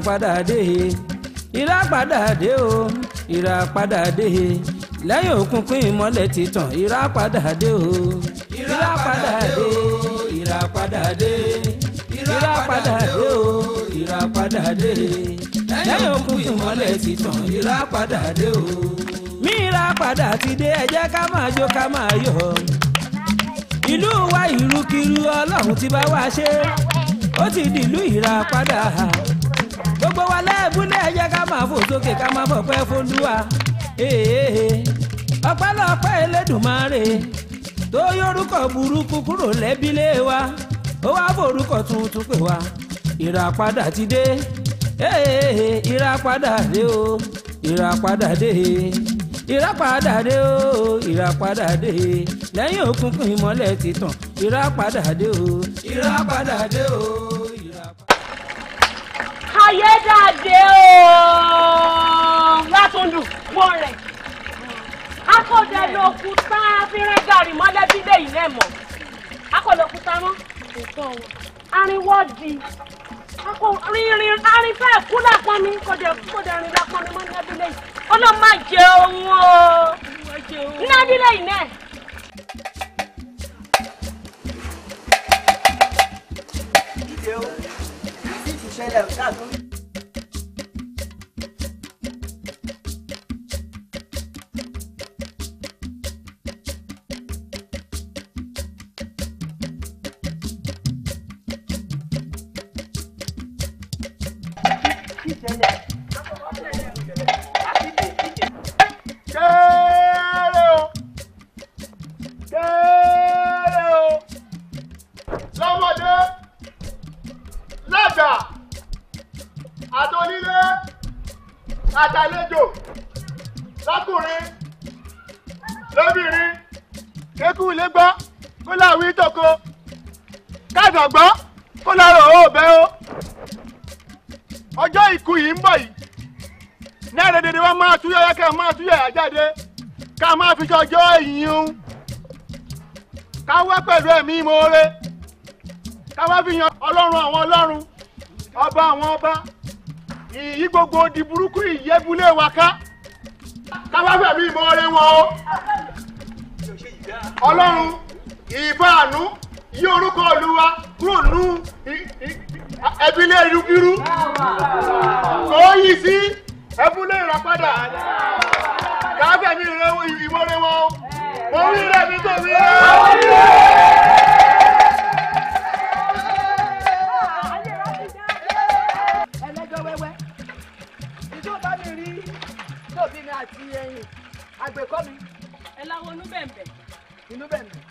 ìràpadà dé he ìràpadà dé o ìràpadà dé he lẹ́yìn òkùnkùn ìmọ́lẹ̀ ti tàn ìràpadà dé o ìràpadà dé ìràpadà dé ìràpadà dé o ìràpadà dé lẹ́yìn òkùnkùn ìmọ́lẹ̀ ti tàn ìràpadà dé o. mi ìràpadà ti dé ẹ jẹ́ ká máa jó ká máa yọ̀ ìlú wa ìlú kiri ọlọ́run ti bá wa ṣe ó ti dìlú ìràpadà ẹ jẹ́ ká máa fò sókè ká máa fọpẹ́ f'Olúwa ọpẹ́lọpẹ́ Elédùmarè tó yórúkọ burúkú kúrò lẹ́bílé wa ó wá forúkọ tuntun pè wá ìràpadà ti dé ìràpadà dé o ìràpadà dé ìràpadà dé o ìràpadà dé lẹ́yìn òkùnkùn ìmọ́lẹ̀ ti tàn ìràpadà dé o ìràpadà dé o. ọ̀dẹ lòkúta fínrẹ́ gàrí mọ́lẹ́bí lẹ́yìn náà mọ̀ akọ̀lọ̀kúta mọ́ ariwo di akọ rinrin arin fẹ́ kú lápọn mi kò dé kò dé rin lápọn mi mọ́lẹ́bí lẹ́yìn ọlọ́run má jẹ ohun o nínú lẹ́yìn náà. Thank you. yìn mọ́ọ́rẹ́ ká má fi yan ọlọ́run àwọn ọlọ́run ọba àwọn ọba ìyí gbogbo di burúkú ìyẹ́bulé wa ká ká má fẹ̀mí ìmọ̀ọ́rẹ́ wọn o ọlọ́run ìbáàánú yí orúkọ olúwa kúrò nù ẹbílẹ̀ irúkirú kò yí sí ẹbúlé ìràpadà ká fẹ̀mí ìmọ̀ọ́rẹ́ wọn o mo rí rẹ̀ mi tòmí. àgbẹ̀kọ́ mi. ẹ láwọn inú bẹ̀m̀bẹ̀. inú bẹ̀m̀bẹ̀.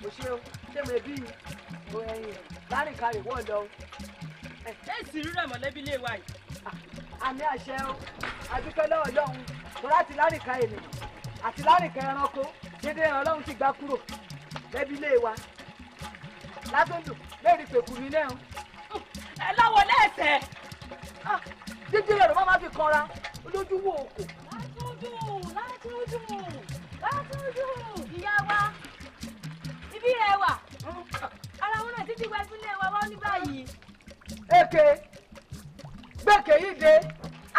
kò ṣe o tẹ̀mẹ̀ bí o ẹyin láàrin kárí wọ́ọ̀ lọ. ẹ sì rírọ̀ mọ̀lẹ́bí lè wá yìí. àmì àṣẹ o àdúpẹ́ lọ́wọ́ lọ́hùn tó láti láàrin ká ènìyàn àti láàrin ká ẹranko dédé ọlọ́run ti gbà kúrò lẹ́bí lè wá. látọ̀dù lẹ́rìí pẹ̀kú mi náà. ẹ láwọ lẹ́sẹ̀. jíjí yorùbá máa fi kanra olójú wo òkò túndù wá túndù ìyá wa ibi rẹ wà ara wọn náà títí wá sílé wa wọ́n ní báyìí. èké gbèké yìí dé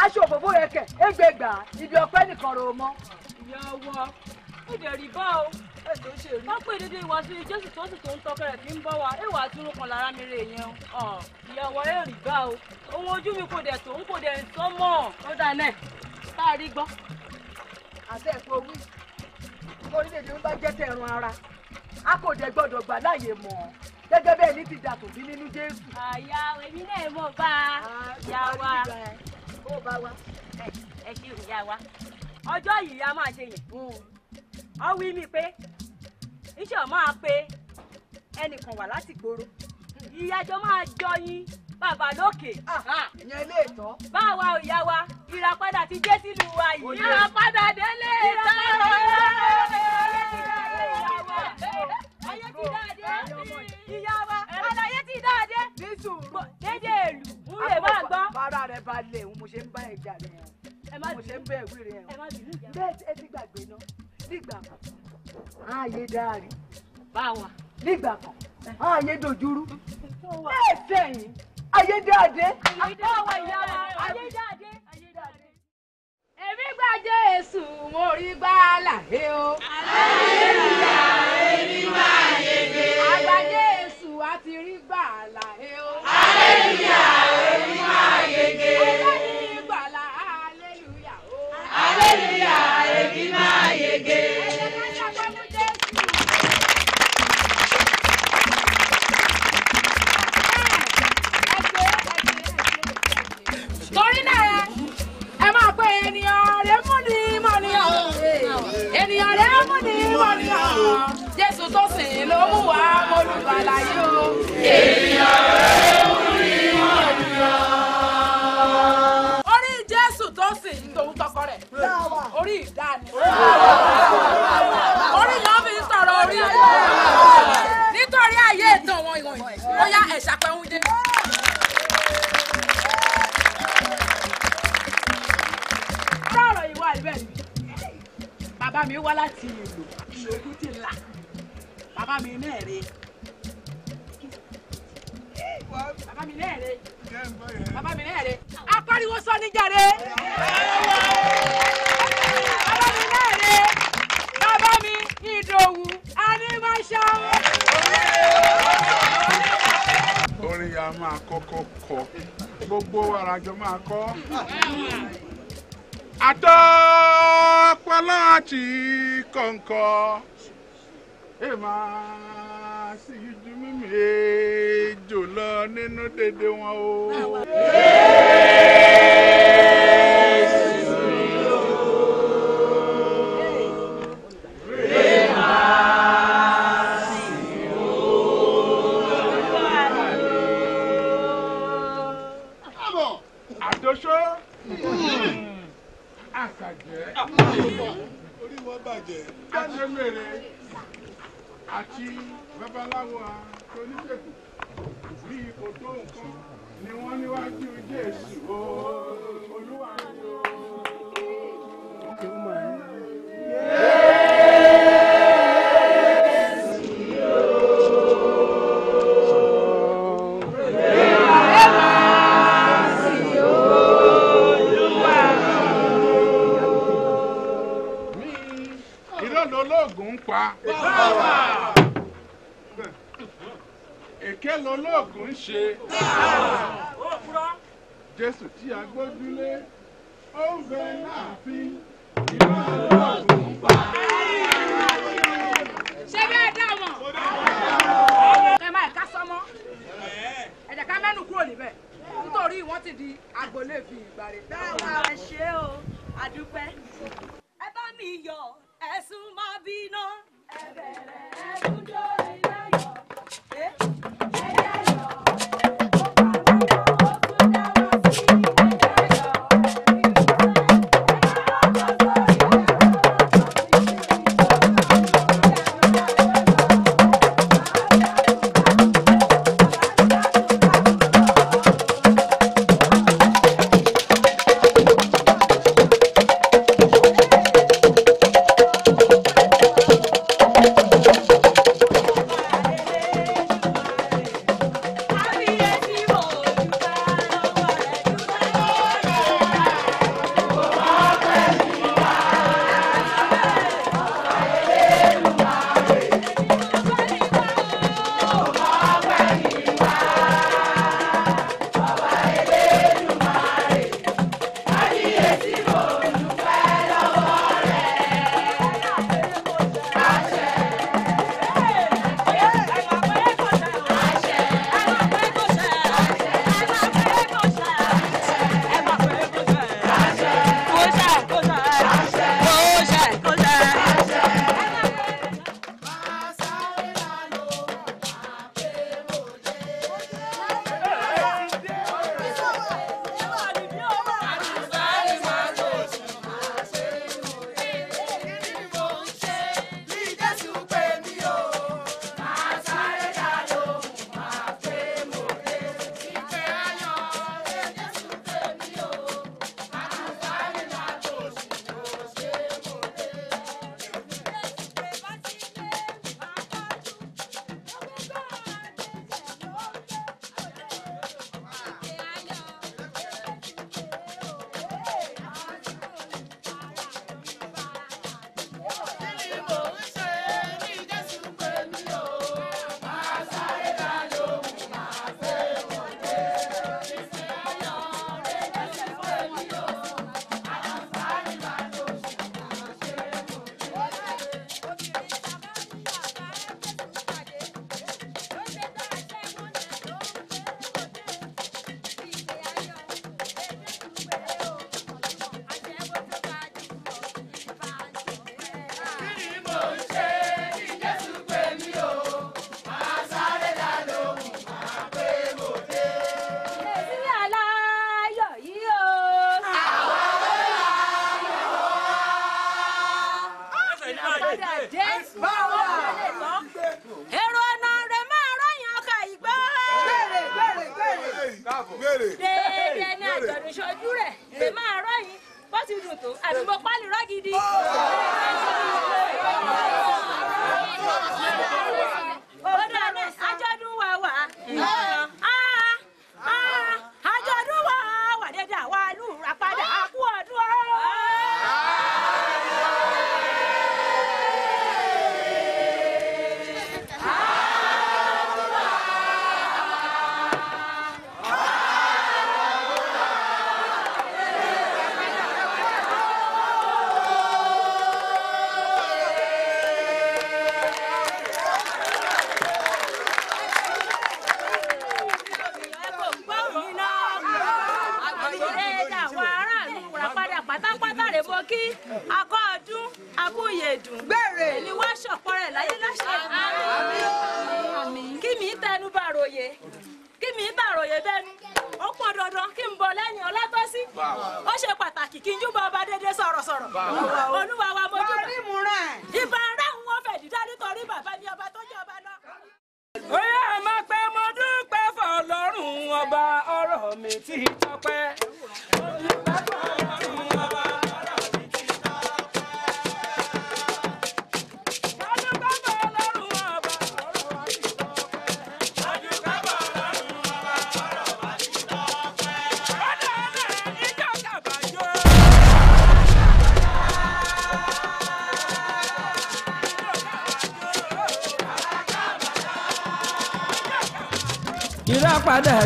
aṣọ òfófó yẹn kẹ égbègbà ibi ọpẹ nìkan rò mọ. ìyá wa èdè rí bá o èdè ó ṣe rí. wọ́n pè dédé ìwà sí jésù tó sì tó ń tọ́kẹ́ rẹ̀ kí ń bọ́ wa ìwà àtúrò kan lára mi rè yẹn o. ìyá wa ẹ̀ rí bá o ohun ojú mi kò dẹ̀ tó ń kò dẹ̀ ń sọ́mọ̀. ó dáná ẹ̀ tá a rí gbọ́ àbẹ́ẹ̀kọ́ wí orílẹ̀-èdè ń bá jẹ́ tẹ̀rùn ara a kò dẹ̀ gbọ́dọ̀ gbà láàyè mọ́ gẹ́gẹ́ bẹ́ẹ̀ ní ti dàtò bí nínú Jésù. àyà èmi náà mọ̀ bá a yà wá ó bá wa ẹ ṣe ìyá wa ọjọ́ yìí a máa ṣe yẹn hmm. ọ wí mi pé iṣẹ́ ọ̀ máa pe ẹnìkan wà láti gbòòrò ìyájọ́ máa jọ yín bàbá lókè. ìyẹn ilé ìtọ́. báwa ò yá wa ìràpadà ti dé sílùú wa yìí. ìràpadà délé ìràpadà délé ayé ti dáadé ìyá wa alayé ti dédé ìlú ń lè máa gbọ́. bàrà rẹ bá lè ń mo ṣe ń bá ẹja rẹ hàn mo ṣe ń bẹ ìwé rẹ hàn bẹ́ẹ̀ ẹ ti gbàgbé náà nígbà kan ààyè dáàrí báwa nígbà kan ààyè dojúrú ẹ sẹ́yìn ayédáadé. àbáwọ ìyá ayédáadé. èmi gba Jésù mo rí gbà láyé o. àlàyé èmi gba ayédè. àgbà Jésù a ti rí gbà láyé o. àlàyé èmi gba ayédè. àgbà ìgbàlà hallelujah o. hallelujah èmi gba ayédè. mú ní mọ́ríà jésù tó sìn ló mú wá olùgbàlàyé o. ènìyàn rẹ̀ mú ní mọ́ríà. orí jésù tó sìn ní tòun tọkọ rẹ̀ orí ìdá ni. wá láti ìlú ìlú ògùn ti là bàbá mi náà kọ́ ẹ máa sì yíjú mímì èèjò lọ nínú dédé wọn o.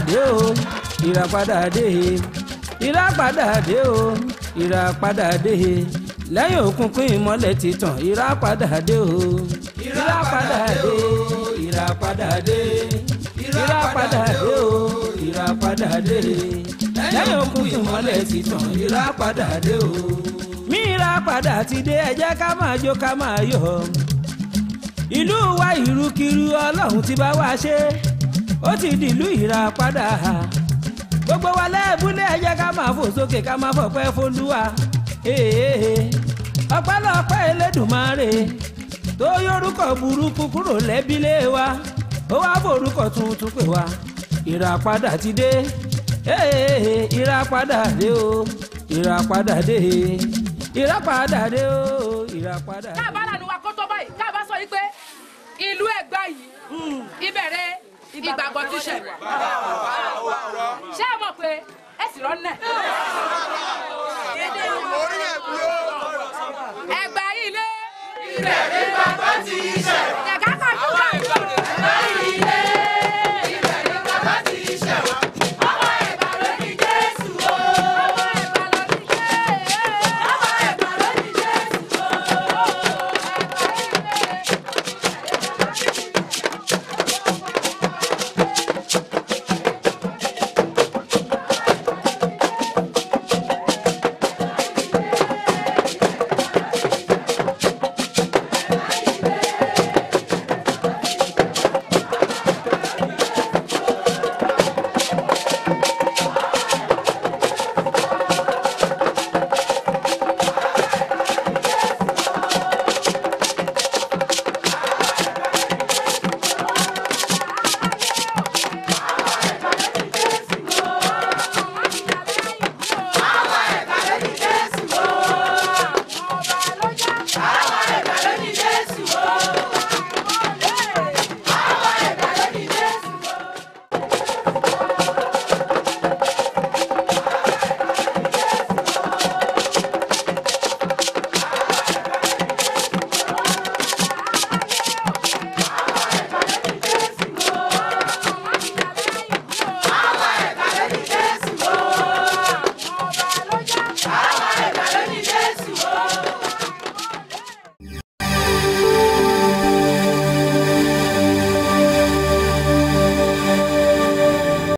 dé o ìràpadà dé ìràpadà dé o ìràpadà dé lẹ́yìn òkùnkùn ìmọ́lẹ̀ ti tàn ìràpadà dé o ìràpadà dé ìràpadà dé ìràpadà dé o ìràpadà dé lẹ́yìn òkùnkùn ìmọ́lẹ̀ ti tàn ìràpadà dé o. mi ìràpadà ti dé ẹ jẹ́ ká máa jó ká máa yọ̀ ìlú wa ìrúkìrú ọlọ́run ti bá wa ṣe. ó ti dìlú ìràpadà gbogbo wa lẹ́ẹ̀bùlẹ̀ ẹ jẹ́ ká máa fò sókè ká máa fọpẹ́ f'Olúwa ọpẹ́lọpẹ́ Elédùmarè tó yórúkọ burúkú kúrò lẹ́bílé wa ó wá forúkọ tuntun pè wá ìràpadà ti dé ìràpadà dé o ìràpadà dé ìràpadà dé o ìràpadà. சொன்னேன்